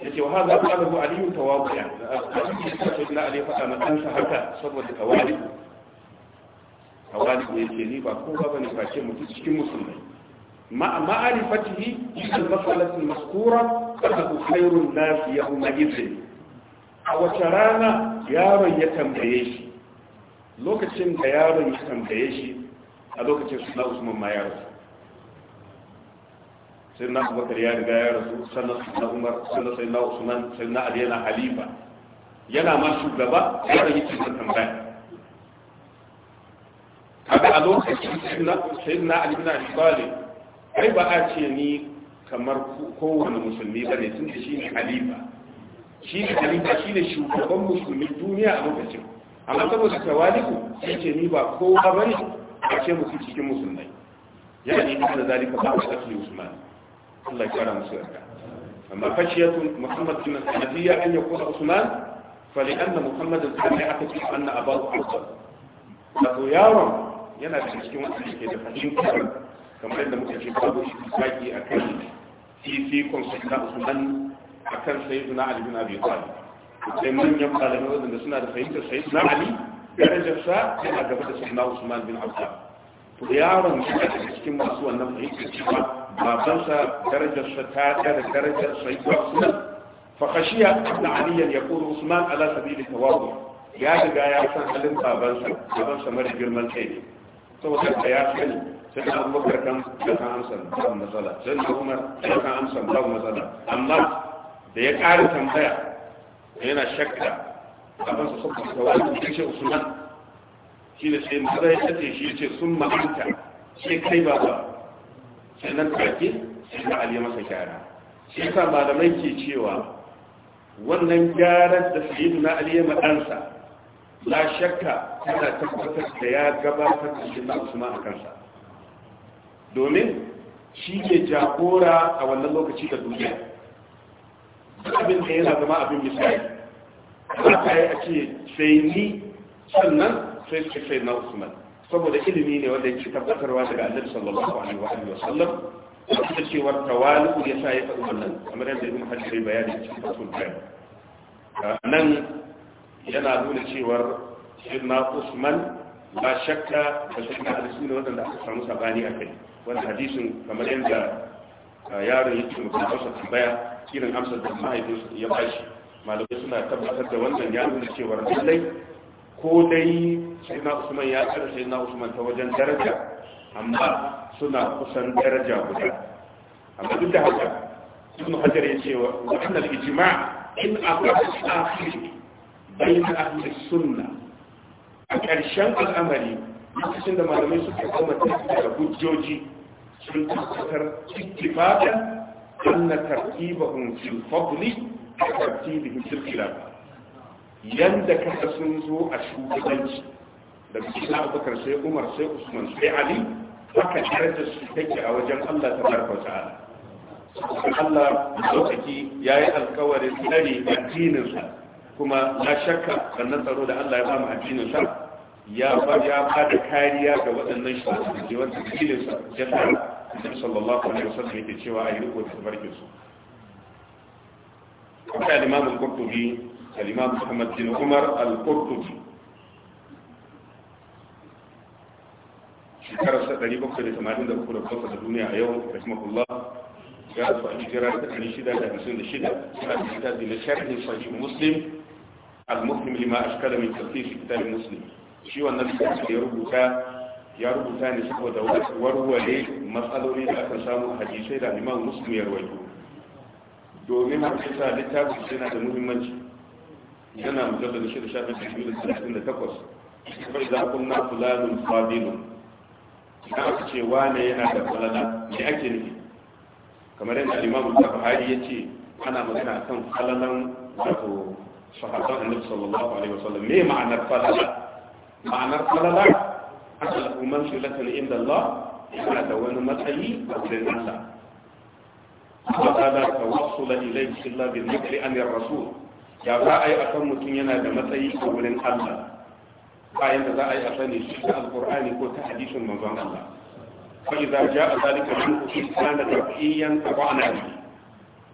ya ce wa haza ba da aliyu tawabuya a cikin kashe na aliyu faɗa na haka saboda tawali tawali ne ce ni ba kowa ba ne face mutum cikin musulmai ma ma'arifatihi cikin masalatin maskura kada khairun ya a wace rana yaron ya tambaye shi lokacin da yaron ya tambaye shi a lokacin suna usman ma yaro sai na abubakar ya riga ya rasu sannan sai umar sannan sai na usman sai na ali yana halifa yana ma shugaba ya rage cikin tambaya kaga a lokacin sai na ali bin abi kai ba a ce ni kamar kowane musulmi ba ne tun da shi ne halifa shi ne halifa shi ne shugaban musulmi duniya a lokacin amma saboda tawaliku sai ce ni ba kowa ba ne a ce musu cikin musulmai Yana ne ibn zalika ba a cikin usman الله يكرم مسؤولك فما فشية محمد بن الحنفية أن يكون عثمان فلأن محمد كان يعتقد أن أباه أفضل فهو يارا ينبغي أن يكون كما أن متشبه في أكل في فيكم سيدنا عثمان أكل سيدنا علي بن أبي طالب من يبقى لنا أن سيدنا علي درجة ساعة أن أجبت سيدنا عثمان بن عفان to yaron shi a cikin masu wannan fahimta cewa babansa darajarsa ta da darajar sayyidina usman fa khashiya ibn ali ya qulu usman ala sabili tawadu ya riga ya san halin babansa babansa mara girman kai ne saboda ka ya sani sai da abubakar kan da kan amsa babu matsala sai da umar da kan amsa babu matsala amma da ya ƙara tambaya yana shakka babansa saboda tawadu sai usman shi da sai maza ya ce shi ce sun ma'anta sai kai ba ba sannan take sai ba aliyu masa gyara shi malamai ke cewa wannan gyaran da sayidu na aliyu maɗansa na shakka tana tabbatar da ya gabatar da shi na usman a kansa domin shi ke jagora a wannan lokaci da duniya abin da yana zama abin misali za ka yi a ce sai ni sannan sai suka ce na usman saboda ilimi ne wanda yake tabbatarwa daga annabi sallallahu alaihi wa alihi wasallam da cewar tawali ya sa ya faɗi wannan kamar yadda ibn hajar ya bayani cikin fasul bayan nan yana nuna cewar sirna usman ba shakka da sirna hadisi ne wanda aka samu sabani a kai wanda hadisin kamar yadda yaron yake mutum amsa tambaya irin amsar da mahaifinsa ya bashi malamai suna tabbatar da wannan ya nuna cewar lallai ko dai sai na usman ya tsara sai na usman ta wajen daraja amma suna kusan daraja guda amma duk da haka ibn hajar ya ce wa annal ijma' in aqad akhir bain ahli sunna a ƙarshen al'amari lokacin da malamai suka koma da hujjoji sun tabbatar ittifaqan anna tartibahum fil fadli tartibihim fil khilaf yanda ka sun zo a shugabanci daga cikin abubakar sai umar sai usman sai ali haka da su take a wajen allah ta barka ta'ala allah lokaci ya yi alkawarin a addininsa kuma na shakka sannan tsaro da allah ya ba mu addininsa ya ba ya ba da kariya ga waɗannan shafin, wanda dalilin sa ya sa Annabi sallallahu alaihi wasallam yake cewa a yi da barkin su. Kuma Imam Al-Qurtubi الإمام محمد بن عمر القرطبي شكرا سأتني بقصة لتمارين دا بقول القصة الدنيا أيوة رحمه سيدنا محمد بن شكرا تكني شدة لأنسون دا شدة سأتني كتاب دي لشرح صحيح مسلم المسلم لما أشكال من تلقيه في كتاب المسلم شو النبي صلى الله يا رب ثاني شكوى دولة وروا لي مسألة لي لأكل سامو حديثي لأن إمام مسلم يروي دومين حديثة لتاب سينا دنوه yana mujallar da shida shafin shafin da shafin da takwas kuma idan kun na fulanun fadilun idan aka ce wane yana da falala me ake nufi kamar yadda limamu ta buhari ya ce ana magana a kan falalan wato sahabban annabi sallallahu alaihi wasallam me ma'anar falala ma'anar falala an al'umman su latin inda Allah yana da wani matsayi ta da bi rasul ya za a yi a san mutum yana da matsayi a wurin Allah bayan da za a yi a sani shi ta alkur'ani ko ta hadisin manzon Allah fa idza a zalika min kana taqiyan tabana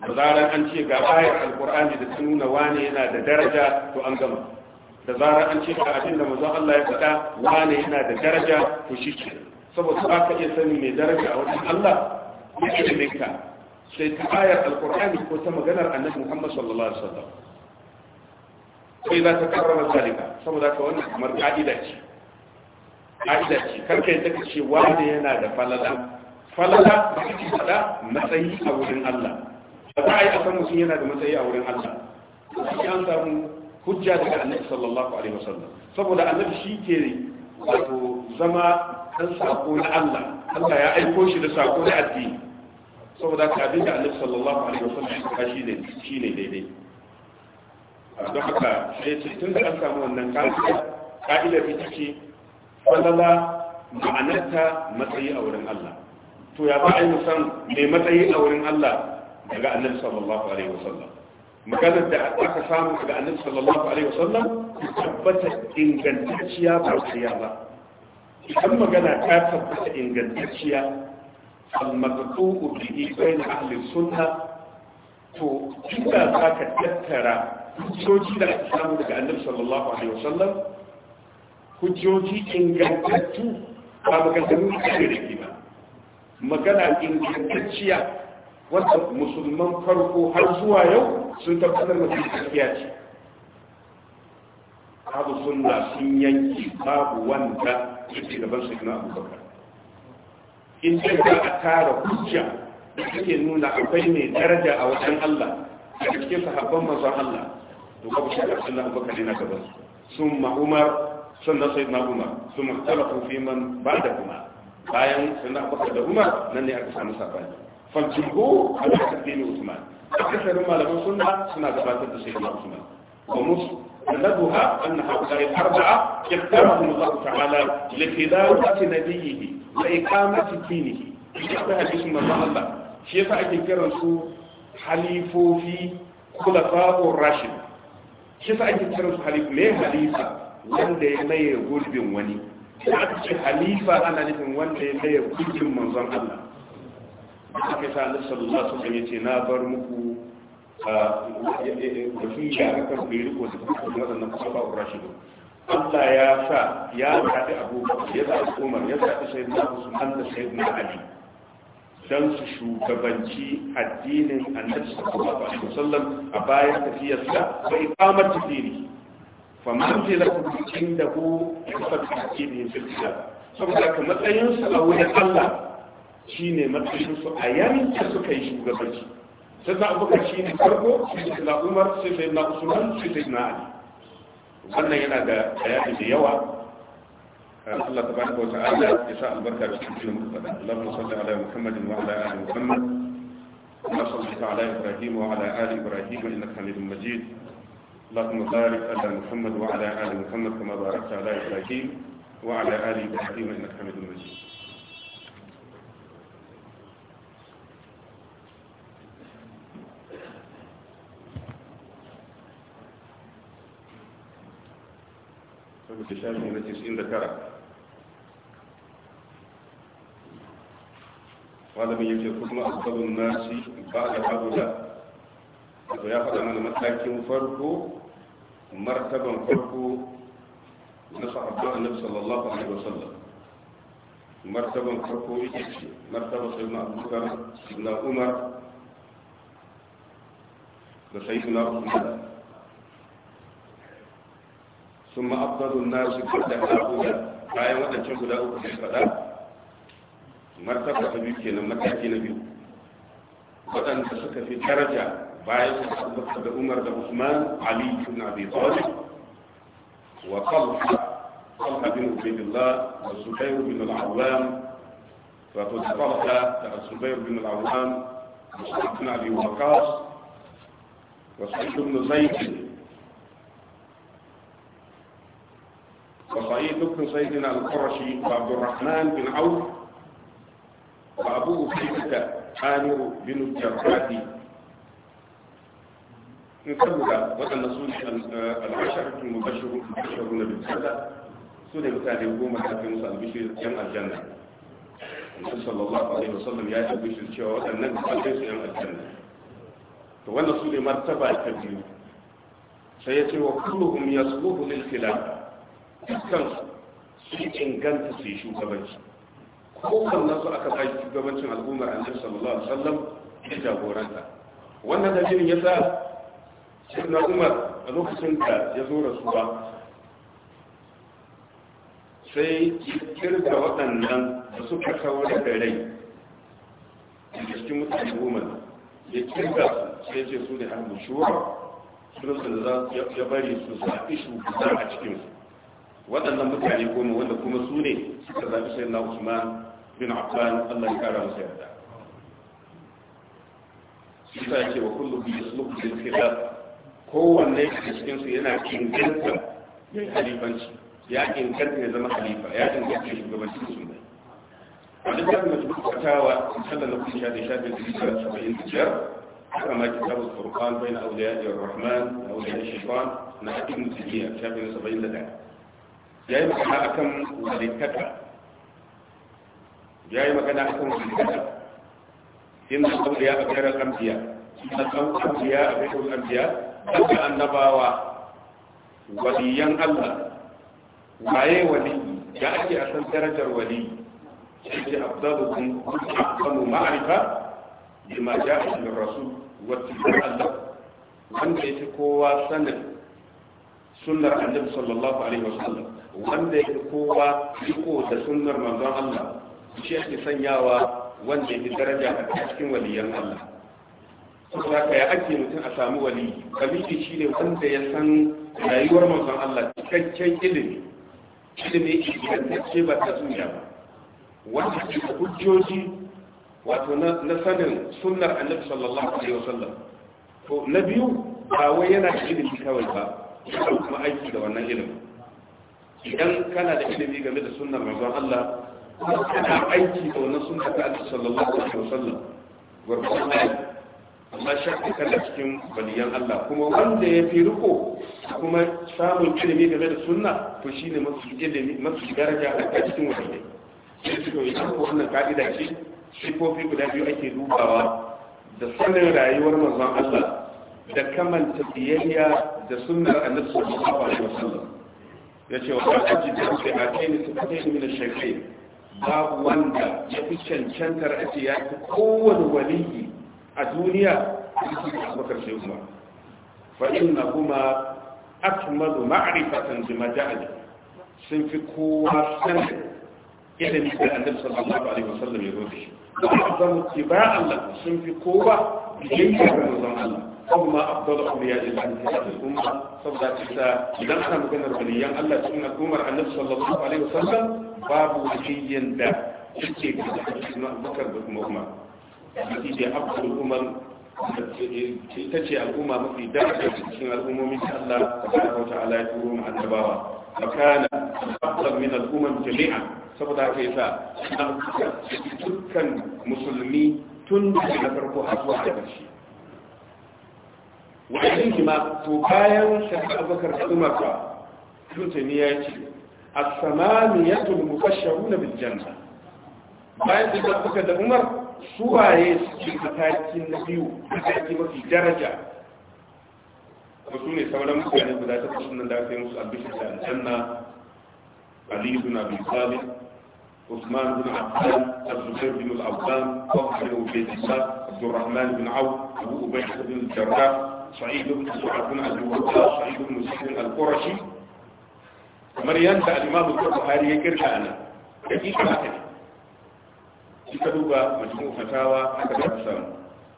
da zarar an ce ga ayar alkur'ani da sun nuna wane yana da daraja to an gama da zarar an ce ga abin da manzon Allah ya faɗa wane yana da daraja to shi ke saboda ba ka iya sani mai daraja a wajen Allah ya ce sai ta ayar alkur'ani ko ta maganar annabi Muhammad sallallahu alaihi wasallam sai za ta karrama zalika saboda ka wannan kamar ka'ida ce ka'ida ce karka yadda ka ce wani yana da falala falala da kake fada matsayi a wurin Allah ba za a yi a san mutum yana da matsayi a wurin Allah sai an samu hujja daga annabi sallallahu alaihi wasallam saboda annabi shi ke wato zama kan sako na Allah Allah ya aiko shi da sako na addini saboda ka abin da annabi sallallahu alaihi wasallam ya kashi ne shine daidai don haka sai ce tun da an samu wannan ka'ida ka'ida ita ce falala ma'anarta matsayi a wurin Allah to ya ba a yi musan mai matsayi a wurin Allah daga annabi sallallahu alaihi wasallam maganar da aka samu daga annabi sallallahu alaihi wasallam tabbata ingantacciya ba tsaya ba idan magana ta tabbata ingantacciya al-maqtu'u bihi bayna ahli sunnah to inda zaka tattara hujjoji da ake samu daga annabi sallallahu alaihi wasallam hujjoji ingantattu ba maganganu da ke da ba magana ingantacciya wanda musulman farko har zuwa yau sun tabbatar da gaskiya ce abu sunna sun yanki babu wanda yake gaban su na abubakar in sai za a tara hujja da take nuna akwai ne daraja a wajen Allah a cikin sahabban manzon Allah وابو شجر سيدنا ابو بكر هناك بس ثم عمر سنة سيدنا عمر ثم اختلفوا في من بعدهما بايان سيدنا ابو بكر لهما نني اكثر مسافه فالجمهور على سيدنا عثمان اكثر ما لهم سنة سنة زفاتة سيدنا عثمان ومص ندبها ان هؤلاء الاربعه اختارهم الله تعالى لخلافه نبيه واقامه دينه اشتهى باسم الله الله شيخ اكثر سوء خليفه في خلفاء الراشد shi sa ake kiran su halifa me halifa wanda ya maye gurbin wani da aka ce halifa ana nufin wanda ya maye gurbin manzon Allah aka sa Allah sallallahu alaihi wasallam yace na bar muku wasiya akan ku riko da wannan sahaba Rashidu Allah ya sa ya zaɓi Abu ya zaɓi Umar ya zaɓi Sayyidina Usman da Sayyidina Ali don su shugabanci addinin annabi sallallahu alaihi wasallam a bayan tafiyarsa wa iqamar tafsiri fa man tilahu indahu yafatu addinin fil islam saboda ka matsayin su a wurin Allah shine matsayin su a yanke suka yi shugabanci sai na abubakar shine farko sai na umar sai na usman sai na ali wannan yana da bayani da yawa الله تبارك وتعالى يساء البركة بسم الله اللهم صل على محمد وعلى آل محمد اللهم صل على إبراهيم وعلى آل إبراهيم إنك حميد مجيد اللهم بارك على محمد وعلى آل محمد كما باركت على إبراهيم وعلى آل إبراهيم إنك حميد مجيد في الشافعي ذكرها قال من يجركم أفضل الناس بعد هؤلاء ويأخذ من المتاكم فرق مرتبا فرق نصح الله النبي صلى الله عليه وسلم مرتبا فرق مرتبا سيدنا أبو بكر سيدنا عمر وسيدنا عثمان ثم أفضل الناس بعد هؤلاء لا يوجد تشوف له في الصلاة مرتفع بيتنا مرتفعين بيو وطن تسك في درجة باية سبقه عمر ده عثمان علي بن أبي طالب وطلحة طلحة بن عبيد الله وزبير بن العوام فقد طلحة الزبير بن العوام مصعب بن أبي وقاص وسعيد بن زيد وسعيد بن زيد القرشي وعبد الرحمن بن عوف وأبوه حيثك حامر بن الجراد نسمك وأن سورة آه، العشرة المبشرون بالجنة سنة مثال يقوم في نص البشر جمع الجنة النبي صلى الله عليه وسلم يا البشر شوى وأن النبي صلى الله الجنة وأن سورة مرتبة كبيرة سيأتي وكلهم يصبوه للخلاف كم سيئن كانت سيشوك بجنة kowanne su aka bai shugabancin al'ummar annabi sallallahu alaihi wasallam ya jagoranta wannan dalilin yasa sirna umar a lokacin da ya zo rasuwa sai kirga waɗannan da suka kawo da rai da cikin mutane goma ya kirga su sai ce su ne hannun shuwa sunansu da ya bari su zaɓi shugaba a cikinsu waɗannan mutane goma wanda kuma su ne suka zaɓi sai na usman bin Affan Allah ya kara masa yarda shi ta ce wa kullu bi yasluku bil khilaf kowanne daga cikin su yana inganta ya yi halifanci ya inganta ya zama halifa ya inganta ya shugabanci sunna wani jami'in da suka fatawa sallan da kuma shaɗe shaɗe da suka saba'in da biyar haka ma kitabul furqan bayna awliya'ir rahman wa awliya'ish shifan na hakim mutiyya shaɗe saba'in da ya yi magana akan wadataka ya yi magana a kan zulkada inna awliya abdar al-anbiya inna awliya abdar al-anbiya daga annabawa waliyan Allah waye wali da ake a san darajar wali shi afdalukum afdalu ma'rifa bima ja'a min rasul wa tiba'a wanda yake kowa sanin sunnar annabi sallallahu alaihi wasallam wanda yake kowa riko da sunnar manzon Allah shi ake sanyawa wanda ya daraja a cikin waliyan Allah saboda ka ya ake mutum a samu wali kamiki shi ne wanda ya san rayuwar manzon Allah cikakken ilimi ilimi da ingantacce ba ta duniya ba wanda ke da hujjoji wato na sanin sunnar annabi sallallahu alaihi wasallam to na biyu ba wai yana da ilimi kawai ba yana kuma aiki da wannan ilimi idan kana da ilimi game da sunnar manzon Allah kuma kana aiki da wannan suna ta Allah sallallahu alaihi wasallam gurbanin aiki amma shafi kana cikin waliyan Allah kuma wanda ya fi riko kuma samun ilimi game da sunna to shine mafi ilimi mafi daraja a cikin waliyai sai su koyi ko wannan ka'ida ce sifofi guda biyu ake dubawa da sanin rayuwar manzon Allah da kamanta biyayya da sunnar annabi sallallahu alaihi wasallam yace wa ta'ajjidu bi atayni sifatayn min ash-shaykhayn babu wanda ya fi cancantar a ce ya fi kowane waliyi a duniya abubakar shi umar fa inna kuma akmalu ma'rifatan bi maja'al sun fi kowa sanin ilimi da annabi sallallahu alaihi wasallam ya rubuta shi ba zan tiba'an sun fi kowa biyayya ga manzon Allah abu ma afdal awliya lillahi ta'ala umma saboda cewa idan ana maganar 'Yan Allah cikin al'ummar Annabi sallallahu alaihi wasallam babu waliyin da yake ga Abubakar da kuma Umar yake da Abdul Umar ta ce al'umma mafi daraja cikin al'ummomin Allah tabaraka wa ta'ala ya turo mu annabawa makana afdal min al'umam jami'a saboda haka yasa dukkan musulmi tun da farko har zuwa ƙarshe wa'adin kima to bayan shahar abakar da umarka tuntuni ya ce a samani ya tulmu fashahu na bijjanta bayan shahar abakar da umar suwaye suke mataki na biyu mataki mafi daraja ba su ne sauran mutane guda ta kasu nan da aka yi musu abishin da aljanna ali bin abi talib usman bin affan az-zubair bin al-awwam talha bin ubayd bin abd الرحمن بن عوف ابو عبيده بن الجراح سعيد بن سعيد بن أبي وقاص سعيد بن سعيد القرشي مريان الإمام هذه يكرش أنا كيف أكل كتبوا مجموع فتاوى حكم الإسلام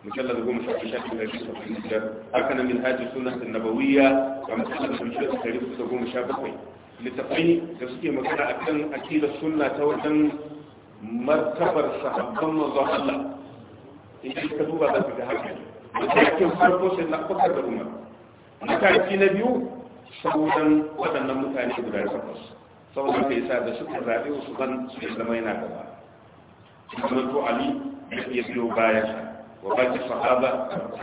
مجلد قوم شعب شاكي من الشيخ في النجر أكن من هذه السنة النبوية ومجلد من شعب خليف قوم شعب قوي لتقيني تسكي مكان أكن أكيد السنة توجن مرتبر صحبا وضع الله إن كتبوا بذلك هكذا matakin farko sai na kusa da umar mataki na biyu sauran waɗannan mutane guda takwas sauran ka yasa da suka zaɓe su zan su yi zama yana gaba zama to ali da ya biyo baya wa baki sahaba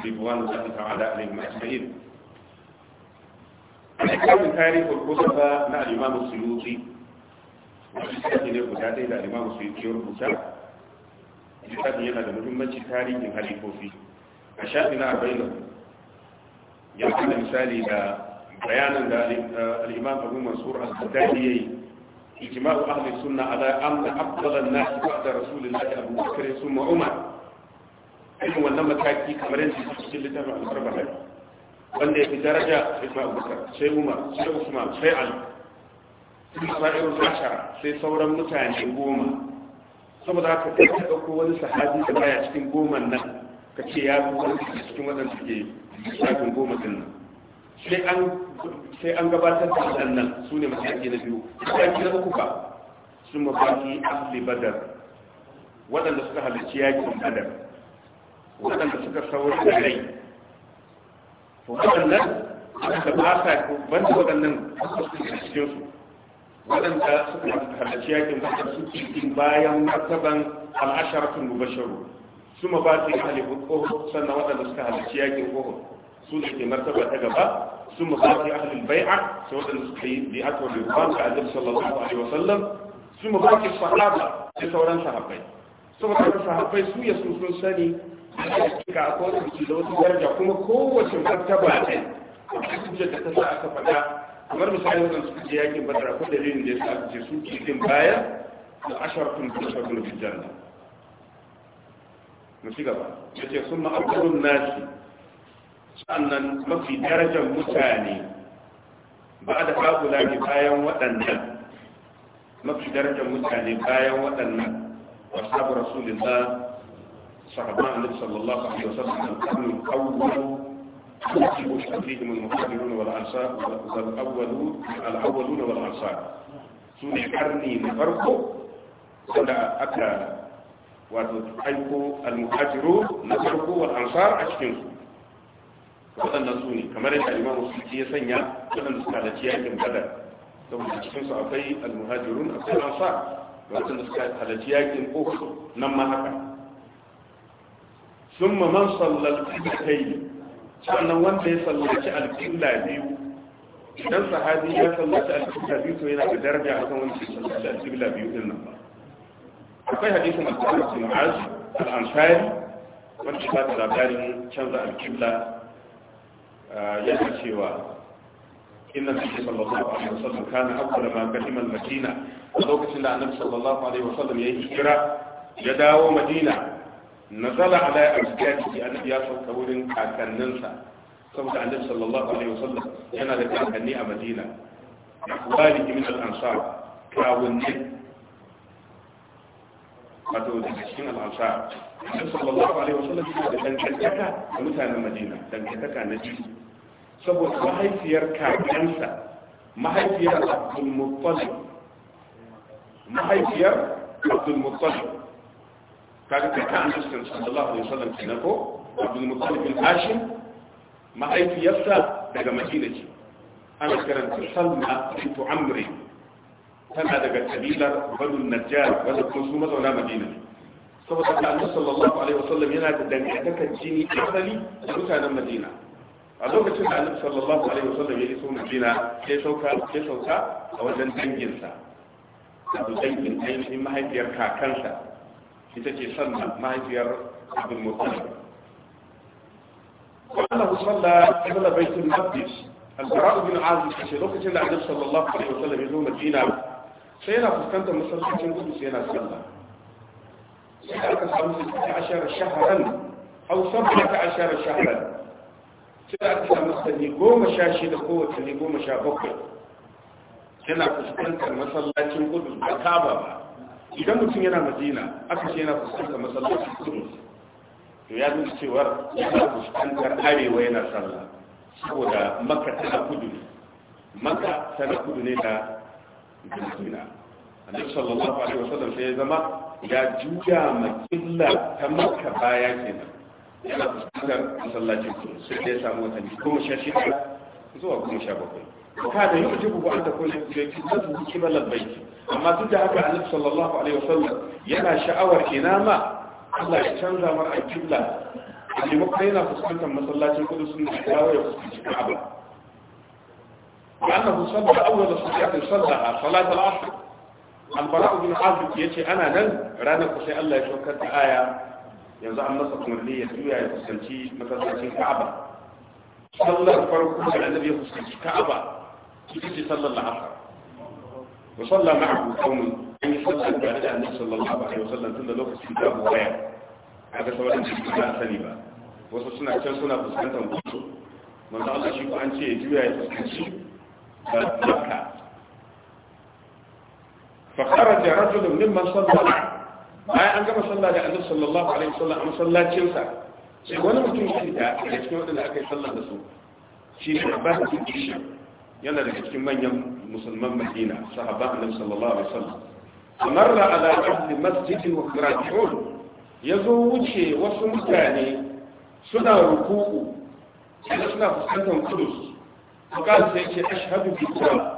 ribuwan da ta ala alim ma'asmahin a cikin tarihin kusurba na alimamu suyuti wani ne guda ɗaya da alimamu suyuti ya rubuta littafin yana da muhimmanci tarihin halifofi أشأننا بينهم يعمل يعني مثال إلى بيانا الإمام أبو منصور الزدادي إجماع أهل السنة على أن أفضل الناس بعد رسول الله أبو بكر ثم عمر إنه ولما تأتي كمرين في سجل أبو الأربعة وأن في درجة إجماع أبو بكر شيء عمر شيء عثمان شيء علي ثم صائر العشرة شيء صورة متعني أبو عمر ثم ذاك تأتي أكو ولسه هذه الآية تكون قوما النهر ka ce ya fi wani cikin waɗanda ke shafin goma din nan sai an gabatar da waɗannan su ne mataki na biyu mataki na uku ba sun mafaki ahli badar waɗanda suka halarci yakin badar waɗanda suka saurin da rai waɗannan da ba sa ban da waɗannan suka cikin su waɗanda suka halarci yakin badar su cikin bayan martaban al'asharatun mubasharu su ma ba su yi halifin kohon sannan waɗanda suka halarci yakin kohon su da ke martaba ta gaba su ma ba su yi ahalin bai'a sai waɗanda suka yi da aka wani ruwan ka ajiyar sallallahu alaihi wasallam su ma ba su yi sahaba da sauran sahabbai saboda haka sahabbai su ya sun sun sani da ka akwai wasu da wasu daraja kuma kowace martaba ne a cikin da ta sa aka faɗa kamar misali waɗanda suka je yakin badar akwai dalilin da ya sa aka ce su ke baya da asharatun da asharatun da janna mu ci gaba ya ce sun ma'aburin nashi sannan mafi darajar mutane ba da kakula ne bayan waɗannan mafi darajar mutane bayan waɗannan wa sabu rasulullah sahabban annabi sallallahu alaihi wasallam kan kawo يشهد فيهم المهاجرون والأنصار والأولون الأولون والأنصار سوني قرني نفرقه ولا أكا wato aiko al-muhajiru na farko wal ansar a cikin su waɗannan su ne kamar yadda imamu suke ya sanya waɗanda suka halarci yakin badar saboda cikin su akwai al-muhajirun akwai ansar waɗanda suka halarci yakin uhud nan ma haka summa man sallar kai sannan wanda ya sallaci alƙibla biyu idan sahabi ya sallaci alƙibla biyu to yana da daraja akan wanda ya sallaci al-qibla biyu din nan ba akwai hadisin al-Qur'an bin Mu'az al-Ansari wanda ba da labarin canza al-qibla yana cewa inna nabi sallallahu alaihi wasallam kana awwala ma qadima al-Madina lokacin da annabi sallallahu alaihi wasallam ya hijira ya dawo Madina nazala ala azkaji annabi ya sauka wurin kakanninsa saboda annabi sallallahu alaihi wasallam yana da kakanni a Madina walidi min al-ansar kawunni wato daga cikin al'amsa annabi sallallahu alaihi wasallam yana da dangantaka da mutanen madina dangantaka na jiki saboda mahaifiyar kakansa mahaifiyar abdul muttalib mahaifiyar abdul muttalib kaga kaka annabi sallallahu alaihi wasallam kenan ko abdul muttalib bin hashim mahaifiyarsa daga madina ce ana karanta salma bintu amri tana daga kabilar banu najjar wanda kuma su mazauna madina ne saboda da annabi sallallahu alaihi wasallam yana da dangantakar jini asali da mutanen madina a lokacin da annabi sallallahu alaihi wasallam ya iso madina sai sauka sai sauka a wajen danginsa wato dangin ainihin mahaifiyar kakansa ita ce sannan mahaifiyar abin mutum wannan musalla ibn baitul maqdis al-bara' bin azib shi lokacin da annabi sallallahu alaihi wasallam ya zo madina sai yana fuskantar masallacin sai yana sallah sai da aka samu 16 shaharan au 17 shaharan sai da aka samu sanyi goma sha shida ko watanni goma sha bakwai yana fuskantar masallacin gudu, ba ta ba idan mutum yana madina aka ce yana fuskantar masallacin gudu. to ya nuna cewar yana fuskantar arewa yana sallah saboda maka tana kudu maka tana kudu ne da juna annabi sallallahu alaihi wasallam sai ya zama ya juya makilla ta maka baya kenan yana fuskantar masallacin su sai da ya samu watanni goma sha shida zuwa goma sha bakwai kada yi ujibu ba an ta kone jeki zasu suke malambaiki amma duk da haka annabi sallallahu alaihi wasallam yana sha'awar ina ma Allah ya canza mar a maimakon yana fuskantar masallacin kudu sun da ya لأنه صلى أول صلاة صلى صلاة العصر البراء بن عازب يأتي أنا نل رانا قصي الله يشوك الآية ينزع النص المرلي يسوي يا يسلتي مثلا كعبة صلى الفرق على النبي يسلتي كعبة تسلتي صلى العصر وصلى معه قوم أن يصلى بعد أن صلى الله عليه وسلم صلى لوكس في باب وغير هذا سواء في الله سليبا وصلنا كان سنة بسكنتهم من الله شيء أن شيء يجوي يا مكة فخرج رجل ممن صلى ما آه، أنا ما صلى لأن صلى الله عليه وسلم أنا صلى جلسة شيء وانا ممكن يصير ده ليش يعني ما أنا أكيد صلى نفسه شيء بعد كده يلا ده كده ما ين مسلم مدينة صحابة النبي صلى الله عليه وسلم فمر على أهل مسجد وقرأتهم يزوجي وصمتاني سنة ركوع يعني سنة فسنة كروس faƙal sai ce ashhadu billah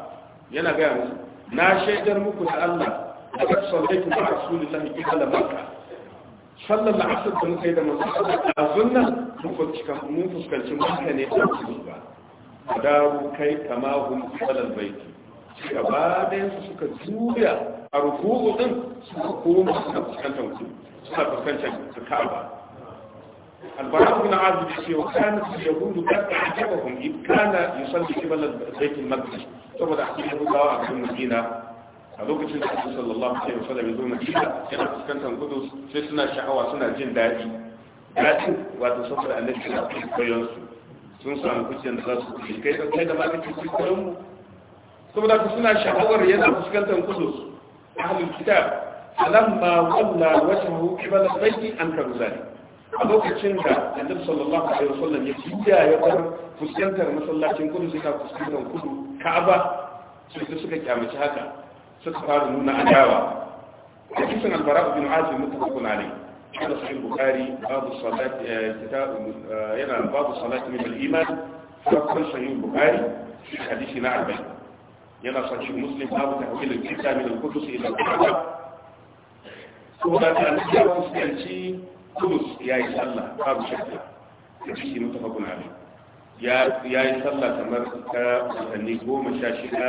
yana gaya musu na shaidar muku da Allah da ka sallaitu ba rasulullahi ila da makka sallan asar da muka yi da masu a zunna fuskanci maka ne a cikin ba Da dawo kai kama hun salal baiti suka ba da yansu suka juya a rukuku din suka koma suna fuskantar ku suna fuskantar ka'aba البراءه بن عاز بن حسين وكان اليهود قد أحجبهم إذ كان يصلي قبل بيت المقدس ثم أحجبه الله عبد المدينة هذوك سنة صلى الله عليه وسلم يزور المدينة كان في سكنة القدس في سنة شعوة سنة جن داجي داجي وتصفر أن نجد الأقل كيونس سنة سنة كتين دراسة كيف كان ما كنت في كلهم ثم ذاك سنة شعوة ريانا في سكنة القدس أهل الكتاب فلما ولى وجهه قبل بيت أنكر ذلك a lokacin da annabi sallallahu alaihi wasallam ya jiya ya bar fuskantar masallacin kudu suka fuskantar kudu ka'aba sai suka kyamaci haka suka fara nuna adawa hadisin albara bin azim mutafaqun alayh kana sahih bukhari babu salat eh, kitab eh, yana babu salat min al-iman fakkan sahih bukhari hadisi na arba'in yana sahih muslim babu tahwil al-kitab min al-qudus ila al-kitab ko da an ji kudus ya yi sallah babu shakka da shi mutafakun abin ya yi sallah kamar ta watanni goma sha shida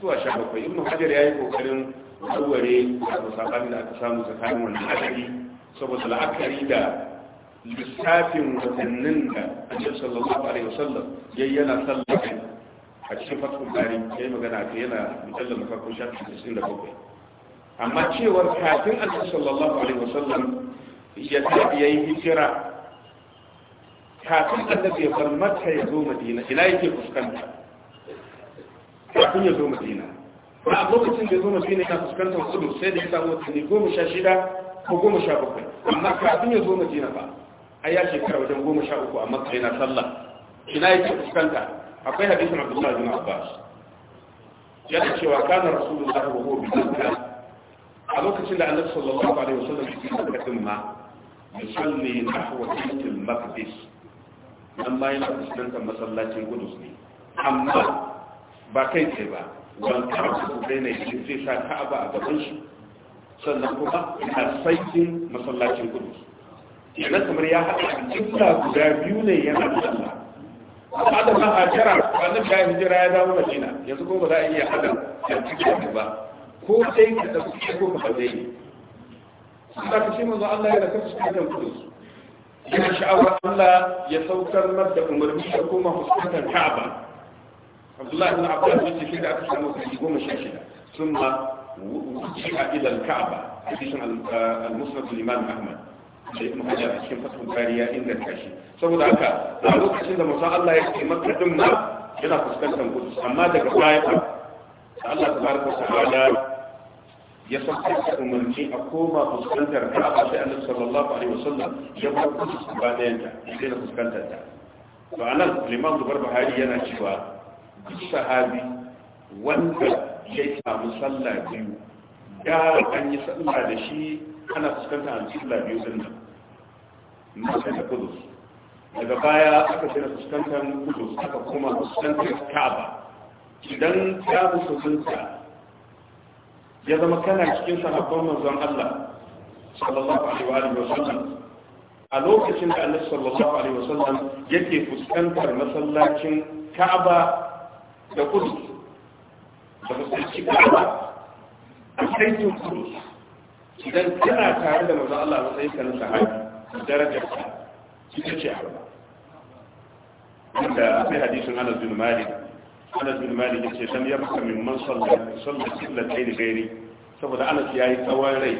zuwa sha bakwai ibn hajar ya yi kokarin tsaware da sabanin da aka samu tsakanin wani hadari saboda la'akari da lissafin watannin da ajiyar sallallahu alaihi wasallam ya yana sallah a cikin fatkun bari ya yi magana ta yana mutallar mafarkun shafi 97 amma cewar kafin ajiyar sallallahu alaihi wasallam ya tafi ya yi hijira kafin annabi ya bar mata ya zo madina ina yake fuskanta kafin ya zo madina a lokacin da ya zo madina yana fuskantar kudu sai da ya samu watanni goma sha shida ko goma sha bakwai amma kafin ya zo madina ba a ya shekara wajen goma sha uku a makka yana sallah ina yake fuskanta akwai hadisin abdullahi bin abbas yana cewa kana rasulullahi wa huwa bi a lokacin da annabi sallallahu alaihi wasallam ya fuskantar ma yusalli nahwa baitul maqdis nan ma sunan fuskantar masallacin kudus ne amma ba kai ce ba wal dai ne shi sai sa ka'aba a gaban shi sannan kuma ina saikin masallacin kudus yana kamar ya haɗa jimla guda biyu ne yana da Allah amma da ba a jira wannan da hijira ya dawo Madina yanzu ko ba za a iya hada ya cikin ba ko sai ka dauki ko ba zai Allah ka ce manzo Allah ya raka su kan su yana sha'awar Allah ya saukar mar umarni da kuma fuskantar Ka'aba Abdullah ibn Abbas yace shi da aka samu kashi goma sha shida summa wuci'a ila al-Ka'aba hadisin uh, al-Musnad al-Imam Ahmad da Ibn Hajar a cikin Fathul Bari inganta shi saboda haka a lokacin da manzo Allah ya ce maka din ma yana fuskantar Kudus amma daga baya Allah tabaraka wa ta'ala ya san aka umarci a koma fuskantar ka'aba sai annabi sallallahu alaihi wasallam ya ba ku bayan ta sai na fuskantar ta to anan liman zubar bahari yana cewa duk sahabi wanda ya samu sallah biyu ya an yi sallah da shi ana fuskantar alƙibla biyu din nan masu da kudu. daga baya aka sai na fuskantar kudu aka koma fuskantar ka'aba idan ya musulunta ya zama kana cikin sahabban manzon Allah sallallahu alaihi wa sallam a lokacin da Annabi sallallahu alaihi wa sallam yake fuskantar masallacin Ka'aba da Qudus da masallacin Ka'aba a saitin Qudus idan kana tare da manzon Allah matsayin ka na sahabi darajar ka ita ce harba wanda sai hadisin Anas bin Malik anas bin malik ya ce dan ya baka min man sallar sillatayn gairi saboda anas ya yi tsawon rai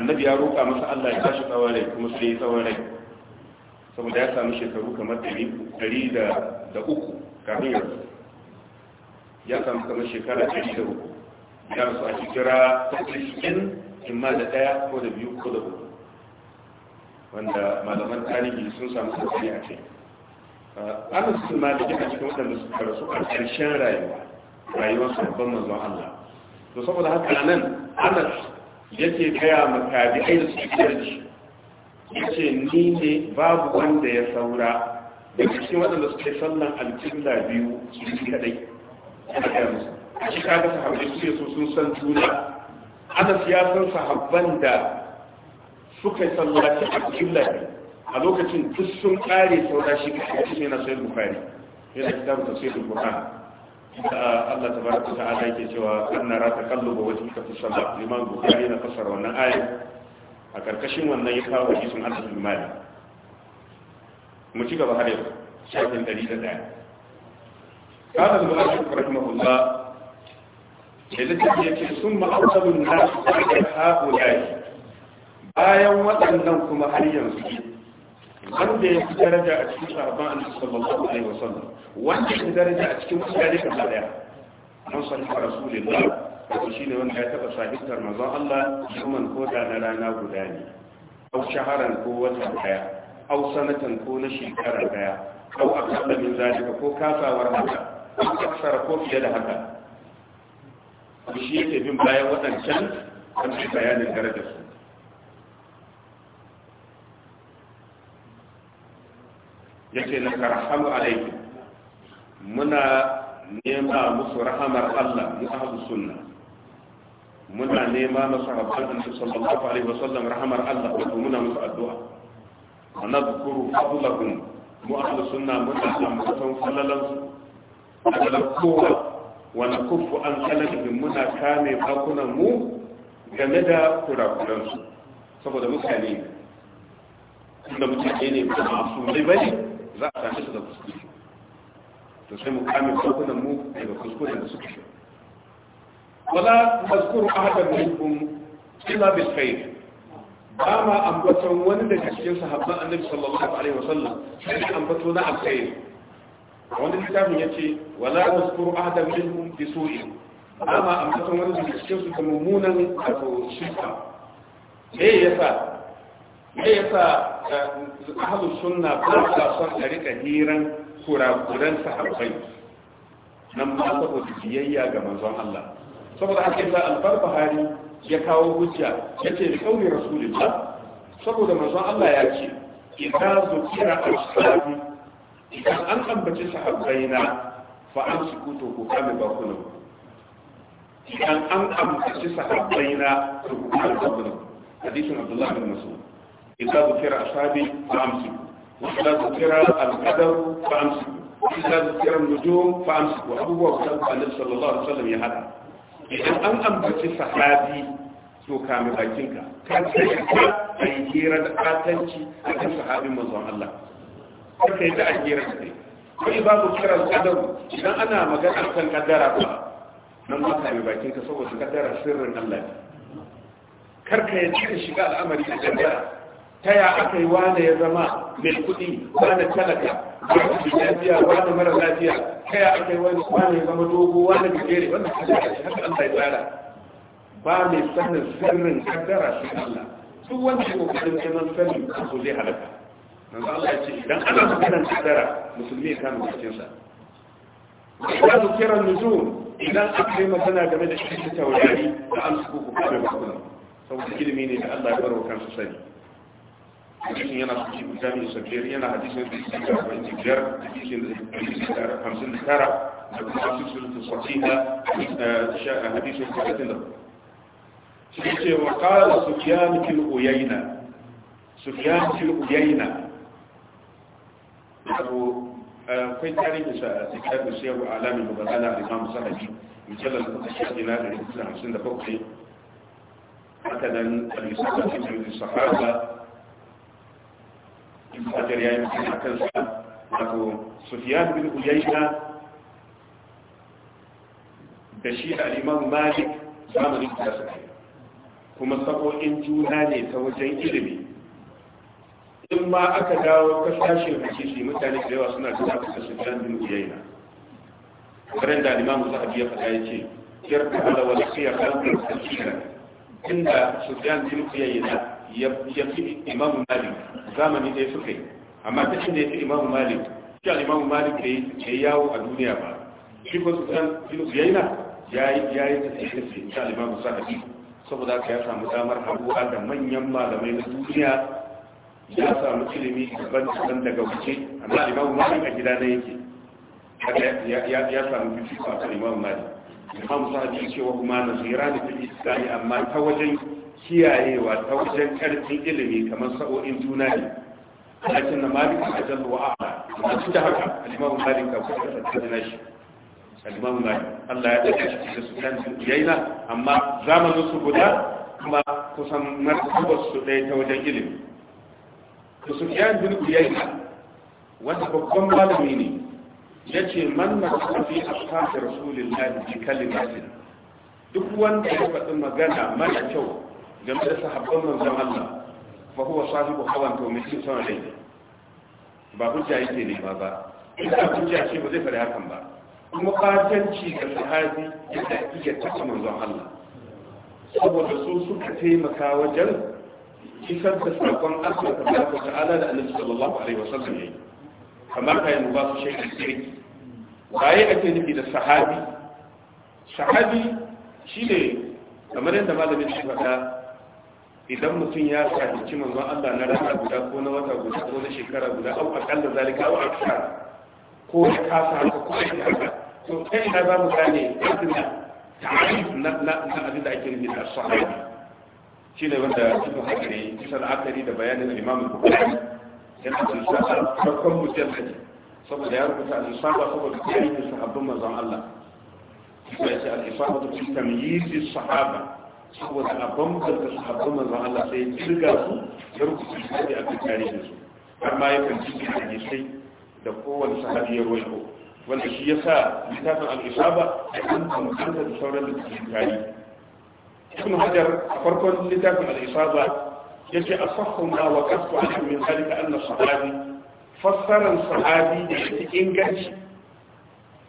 annabi ya roƙa masa Allah ya tashi tsawon rai kuma sai ya tsawon rai saboda ya samu shekaru kamar ɗari da uku kafin ya rasu ya samu kamar shekara ɗari da uku ya rasu a shekara ta cikin imma da ɗaya ko da biyu ko da uku wanda malaman tarihi sun samu sassani a cikin Uh, anas bin malik yana cikin waɗanda suka rasu a ƙarshen rayuwa rayuwar sabon manzon Allah to saboda haka nan anas yake gaya ma tabi'ai da suke da shi yace ni ne babu wanda ya saura da cikin waɗanda suke sallan alƙibla biyu su kadai a gaya musu a shi kaga sahabbai suke so sun san juna anas ya san sahabban da suka sallaci alƙibla biyu a lokacin duk sun kare saura shi kashi ne na sayar bukari yana kitabu tafsirul qur'an da Allah tabaraka ta'ala yake cewa anna ra taqallubu wajhika fi salat liman bukari na fasara wannan aya a karkashin wannan ya kawo shi sun hadisul mali mu ci gaba har yau shafin 101 قال المؤلف رحمه الله للتي يكي ثم أرسل الناس هؤلاء bayan waɗannan kuma har yanzu wanda ya fi daraja a cikin sahabban annabi sallallahu alaihi wasallam wanda ya fi daraja a cikin mutane kamar daya an sani ka rasulullah wato shine wanda ya taba sahihantar manzon Allah yuman ko da na rana guda ne au shaharan ko wata daya au sanatan ko na shekara daya au akalla min zalika ko kasawar haka ko kasara ko fiye da haka shi yake bin bayan waɗancan an bayanin darajar yace na karhamu alaikum muna nema musu rahamar Allah mu ahlus sunna muna nema na sahabban annabi sallallahu alaihi wasallam rahamar Allah wato muna musu addu'a wa nadhkuru fadlahum mu ahlus sunna muna ambatan falalan falalan wa nakuffu an salatihim muna kame bakunan mu game da kurakuransu saboda mutane da mutane ne ba su ne bai? za a same su da kuskure to sai mu kame bakunan mu daga kuskure da suke wala mazkuru ahadan minkum illa bil khair ba ma ambaton wani daga cikin sahabban annabi sallallahu alaihi wasallam sai ambato na alkhair wani littafin ya ce wala mazkuru ahadan minkum bi su'i ba ma ambaton wani daga cikin su da mummunan wato shirka eh yasa me yasa eh, ahlus suna ba sa son a rika hiran kurakuran sahabbai nan ma saboda biyayya ga manzon Allah saboda haka yasa al-barbahari ya kawo hujja yace da kauli rasulullah saboda manzon Allah ya ce idza zukira ashabi idan an ambaci sahabbaina fa amsikutu ku kame bakunan idan an ambaci sahabbaina ku kame bakunan hadisin abdullah bin mas'ud idza zikira asabi fa amsiku wa idza zikira al-qadar fa amsiku idza zikira an-nujum fa amsiku abubuwa kusan annabi sallallahu alaihi wasallam ya hada idan an sahabi kame bakinka kan sai ka yi hira da katanci a kan sahabin manzon Allah kake da a hira da kai kai babu kiran kadar idan ana magana kan kadara ba nan ma mai bakinka saboda kaddara sirrin Allah ne karka ya ci shiga al'amari da kaddara ta ya aka yi wane ya zama mai kuɗi wane talaka wane mai lafiya wane mara lafiya ta ya aka yi wane ya zama dogo wane gajere wannan haka haka Allah ya tsara ba mai sanin sirrin kaddara shi Allah duk wanda ya kokarin neman sani ko zai halaka manzo Allah ya ce idan ana maganar kaddara musulmi ya kama cikin sa wa zikra nuzul idan aka yi magana game da shi taurari da an su ku kuma saboda ilimi ne da Allah ya baro kansu sani وقال سفيان في الأيينة سفيان في الأيينة أو كي آه، تاريخ سيكتاب سيرة وعلام المبادلة على الإمام صحيح مجلل المتشاهدين هذه الإسلام سنة بوقي هكذا أن يسافر في الصحابة ibn hajar ya yi magana akan sa wato sufyan bin uyayna da shi da al malik zamanin da suka kuma sabo'in juna ne ta wajen ilimi in ma aka dawo kasashen hadisi mutane da yawa suna zuwa da sufyan bin uyayna karen da al-imam zahabi ya faɗa ya ce kirka ala wal khiyar kan tafsira inda sufyan bin uyayna ya fi imamu malik zamani ɗaya suka yi amma ta inda ya fi imamu malik shi a imamu malik da ya yawo a duniya ba shi ko su san filus ya yi na ya yi ya yi tafi shi a imamu sa'adi saboda ka ya samu damar haɗuwa da manyan malamai na duniya ya samu ilimi daban daban daga wuce amma imamu malik a gida na yake ya samu fifiko a kan imamu malik imamu sa'adi cewa kuma nasira da fil islami amma ta wajen kiyayewa ta wajen karfin ilimi kamar sa'o'in juna ne lakin na malik a jan wa ala masu da haka alimamu malik ka kuma ta tsina shi alimamu malik allah ya daga shi da su kan yaina amma zamanin su guda kuma kusan martabar su ɗaya ta wajen ilimi to su kiyan bin uyaina wanda babban malami ne ya ce man masu fi ashabi rasulillahi bi kalimatin duk wanda ya faɗi magana mara kyau game da sahabban manzon Allah fa huwa sahibu hawan to mutum son rai ba hujja yake ne ba ba ina hujja ce ba zai fara hakan ba kuma fatanci ga sahabi yadda iya taɓa manzon Allah saboda su suka taimaka wajen isar da sakon Allah tabaraka ta'ala da Annabi sallallahu alaihi wasallam yayi kamar kai mu ba su shayar kirki waye ake nufi da sahabi sahabi shine kamar yadda malamin shi faɗa idan mutum ya sami sahici manzon Allah na rana guda ko na wata guda ko na shekara guda au akalla zalika au akthar ko ya kasa ko ko ya kasa to kai ina za mu gane adna ta'arif na na na abin da ake nufi da sahihi shine wanda cikin hakari kisan akari da bayanin Imam Bukhari yana cikin sa farkon mujallad saboda ya rubuta al-isaba saboda tarihin sahabban manzon Allah sai ya ce al-isaba fi tamyiz as-sahaba saboda a bambanta sahabban manzon Allah sai ya kirga su ya rubuta su da aka tare da su har ma yakan cikin hadisai da kowane sahabi ya roƙo wanda shi ya sa littafin al'isaba da an kamfanta da sauran littafin tari ibn hajar a farkon littafin al'isaba ya ce a sahun ma wa kasu a cikin halika an na sahabi fassarar sahabi da ya fi inganci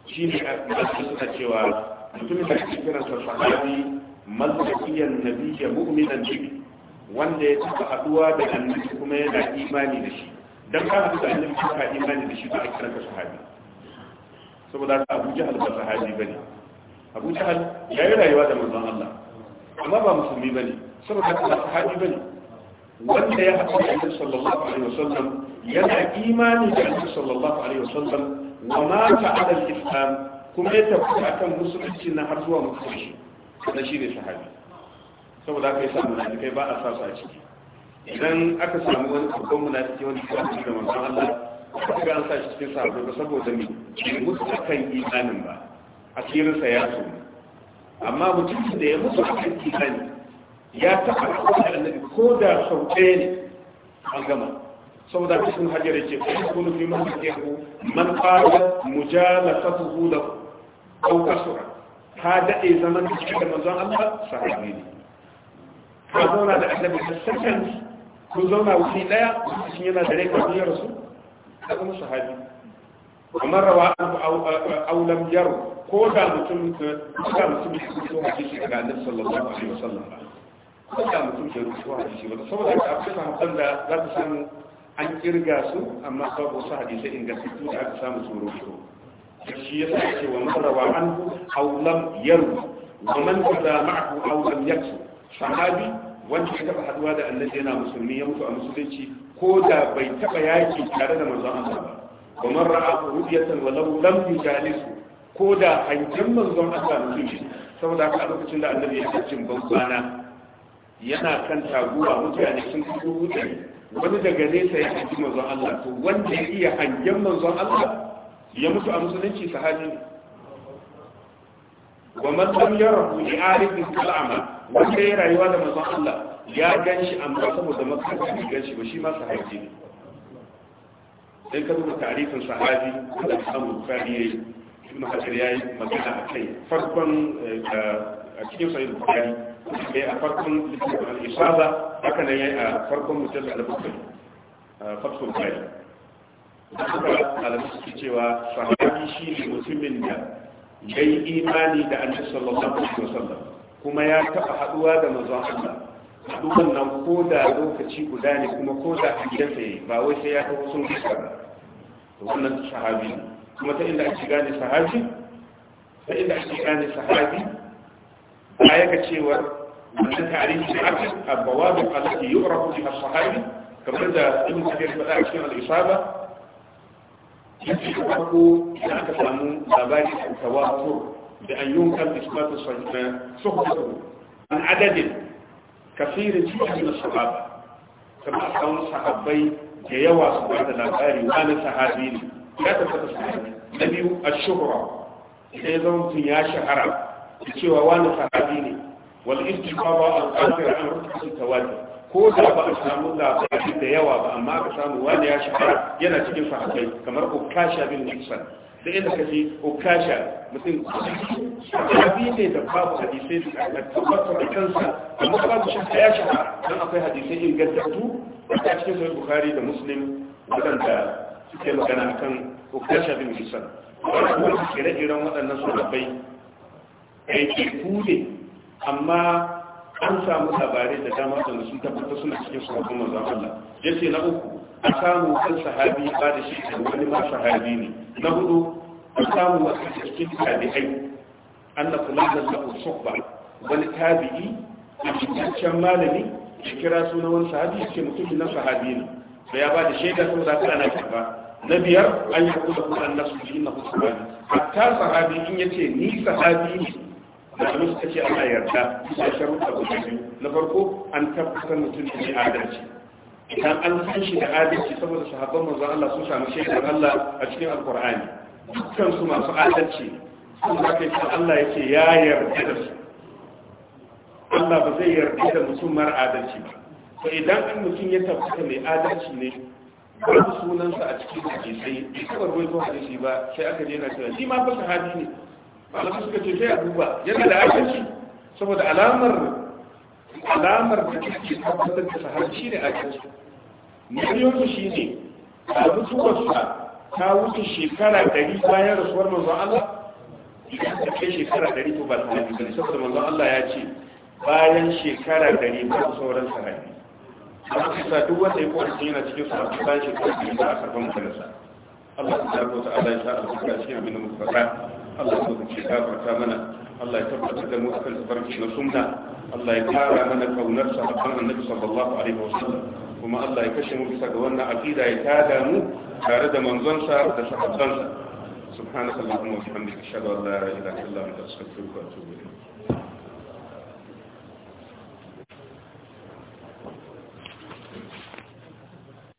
shi ne a suna cewa mutumin da ke kiransa sahabi mallakiyan nabiyya mu'minan bi wanda ya taba haduwa da annabi kuma yana imani da shi dan ka haɗu da annabi ka imani da shi ba a kira ka sahabi saboda Abu Jahal ba sahabi ba ne? Abu Jahal ya yi rayuwa da manzon Allah amma ba musulmi ne saboda ba sahabi ba ne. wanda ya haɗu da annabi sallallahu alaihi wasallam yana imani da annabi sallallahu alaihi wasallam wa ma ta'ala al-islam kuma ya tabbata akan musulunci na har zuwa musulunci na shi ne sahabi saboda aka yi sa munafikai ba a sa a ciki idan aka samu wani babban munafiki wani ya a cikin manzon Allah aka ga an sa shi cikin sahabbai ba saboda me bai musu akan imanin ba asirinsa ya so amma mutum da ya musu akan imani ya taɓa kawai annabi ko da sau ɗaya ne an gama saboda cikin hajjar ce ko yi kunu fi mahaifin ku man fara mujalatatuhu da ɗaukasura ka daɗe zaman da cikin manzon Allah sahabi ne ka zauna da annabi ta sakan kun zauna wuri daya cikin yana da rai kafin ya rasu ka zama sahabi kamar rawa aulam yaro ko da mutum ko da mutum ya rubuto hadisi daga annabi sallallahu alaihi wasallam ko da mutum ya rubuto hadisi ba saboda ka akwai sahabban da za ka samu an kirga su amma babu su hadisai ingantattu da aka samu tsoro tsoro shi ya ce wa marawa an aw lam yarwi wa man tada ma'ahu aw lam yaksu sahabi wanda ya taba haduwa da annabi yana musulmi ya mutu a musulunci ko da bai taba yaki tare da manzon Allah ba wa man ra'a rubiyatan wa law lam yujalisu ko da hankin manzon Allah musulunci saboda haka a lokacin da annabi ya cikin bambana yana kan taguwa mutane sun fito wuce wani daga nesa ya hanki manzon Allah to wanda ya iya hangen manzon Allah ya mutu a musulunci sahabi wa man lam yarahu li alifi kalama wanda ya rayuwa da manzon Allah ya ganshi amma saboda makasa bai shi ba shi ma sahabi ne sai ka duba tarihin sahabi da samu bukari yayi ibn ya yi magana a kai farkon eh, a cikin sahih bukari yi a farkon littafin al-isaba haka nan yayi a farkon mujallal al a farkon bukari eh, haka alamu suke cewa sahabi shi ne mutumin da ya yi imani da annabi sallallahu alaihi wasallam kuma ya taɓa haɗuwa da manzon Allah haɗuwan nan ko da lokaci guda ne kuma ko da a gidansa yayi ba wai sai ya taɓa sun fuska ba to wannan sahabi ne kuma ta inda ake gane sahabi ta inda ake gane sahabi baya ga cewa wannan tarihi da aka abawa da alaki yu'rafu bi as-sahabi kamar da ibn kathir faɗa a cikin al-isaba yanzu da farko da aka samu labari da tawatur da an yunkar da kimata sohbatar an adadin kafirin cikin na sahaba kama a samun sahabbai da yawa su ba da labari wani sahabi ne ya tabbata sahabi na biyu a shuhura sai zama mutum ya shahara da cewa wani sahabi ne wal istibaba al-qasir an rubuta tawatur ko da ba a samu labari da yawa ba amma aka samu wani ya shiga yana cikin sahabbai kamar ukasha bin da inda ka ce ukasha mutum sahabi ne da babu hadisai da tabbatar da kansa amma babu shakka ya shiga don akwai hadisai ingantattu a cikin sahih bukhari da muslim wadanda suke magana kan ukasha bin musan kuma ire-iren waɗannan sahabbai aiki ku ne amma an samu labarai da dama da sun tabbata suna cikin sahabban manzon Allah yace na uku a samu kan sahabi ba da shi da wani ma sahabi ne na hudu a samu wasu cikin tabi'ai anna fulanan lahu suhba wani tabi'i a cikakken malami ya kira sunan wani sahabi ya ce mutum na sahabi ne da ya ba da shaida saboda haka ana karba na biyar an yi kusa kuma nasu ji na hukumani hatta sahabi in yace ni sahabi ne malamai suka ce ana yarda bisa sharuɗa guda biyu na farko an tabbatar mutum da ne adalci idan an san shi da adalci saboda sahabban manzon Allah sun samu shaidar Allah a cikin alkur'ani dukkan su masu adalci sun za ka yi Allah ya ce ya yarda da su Allah ba zai yarda da mutum mara adalci ba to idan an mutum ya tabbata mai adalci ne babu sunansa a cikin hadisai bai taɓa ruwaito hadisi ba sai aka daina na cewa shi ma fa sahabi ne malamai suka ce sai a duba yana da adalci saboda alamar alamar da take tabbatar da shi ne adalci na su shi ne a mutuwarsa ta wuce shekara ɗari bayan rasuwar manzon Allah idan ta kai shekara ɗari to ba ta nabi bane saboda manzon Allah ya ce bayan shekara ɗari ba sauran sahabi amma su sa duk wanda ya kowa cikin yana cikin sahabi bayan shekara ɗari ba a karɓar mutanensa Allah ta ko ta Allah ya sa a cikin abin da muka faɗa Allah ya kuka ce gafarta mana Allah ya tabbatar da mu kan tafarki na sunna Allah ya kara mana kaunar sahabban annabi sallallahu alaihi wasallam kuma Allah ya kashe mu bisa ga wannan aqida ya tada mu tare da manzonsa da sahabbansa subhanakallahumma wa bihamdika ashhadu an la ilaha illa anta astaghfiruka wa atubu ilayk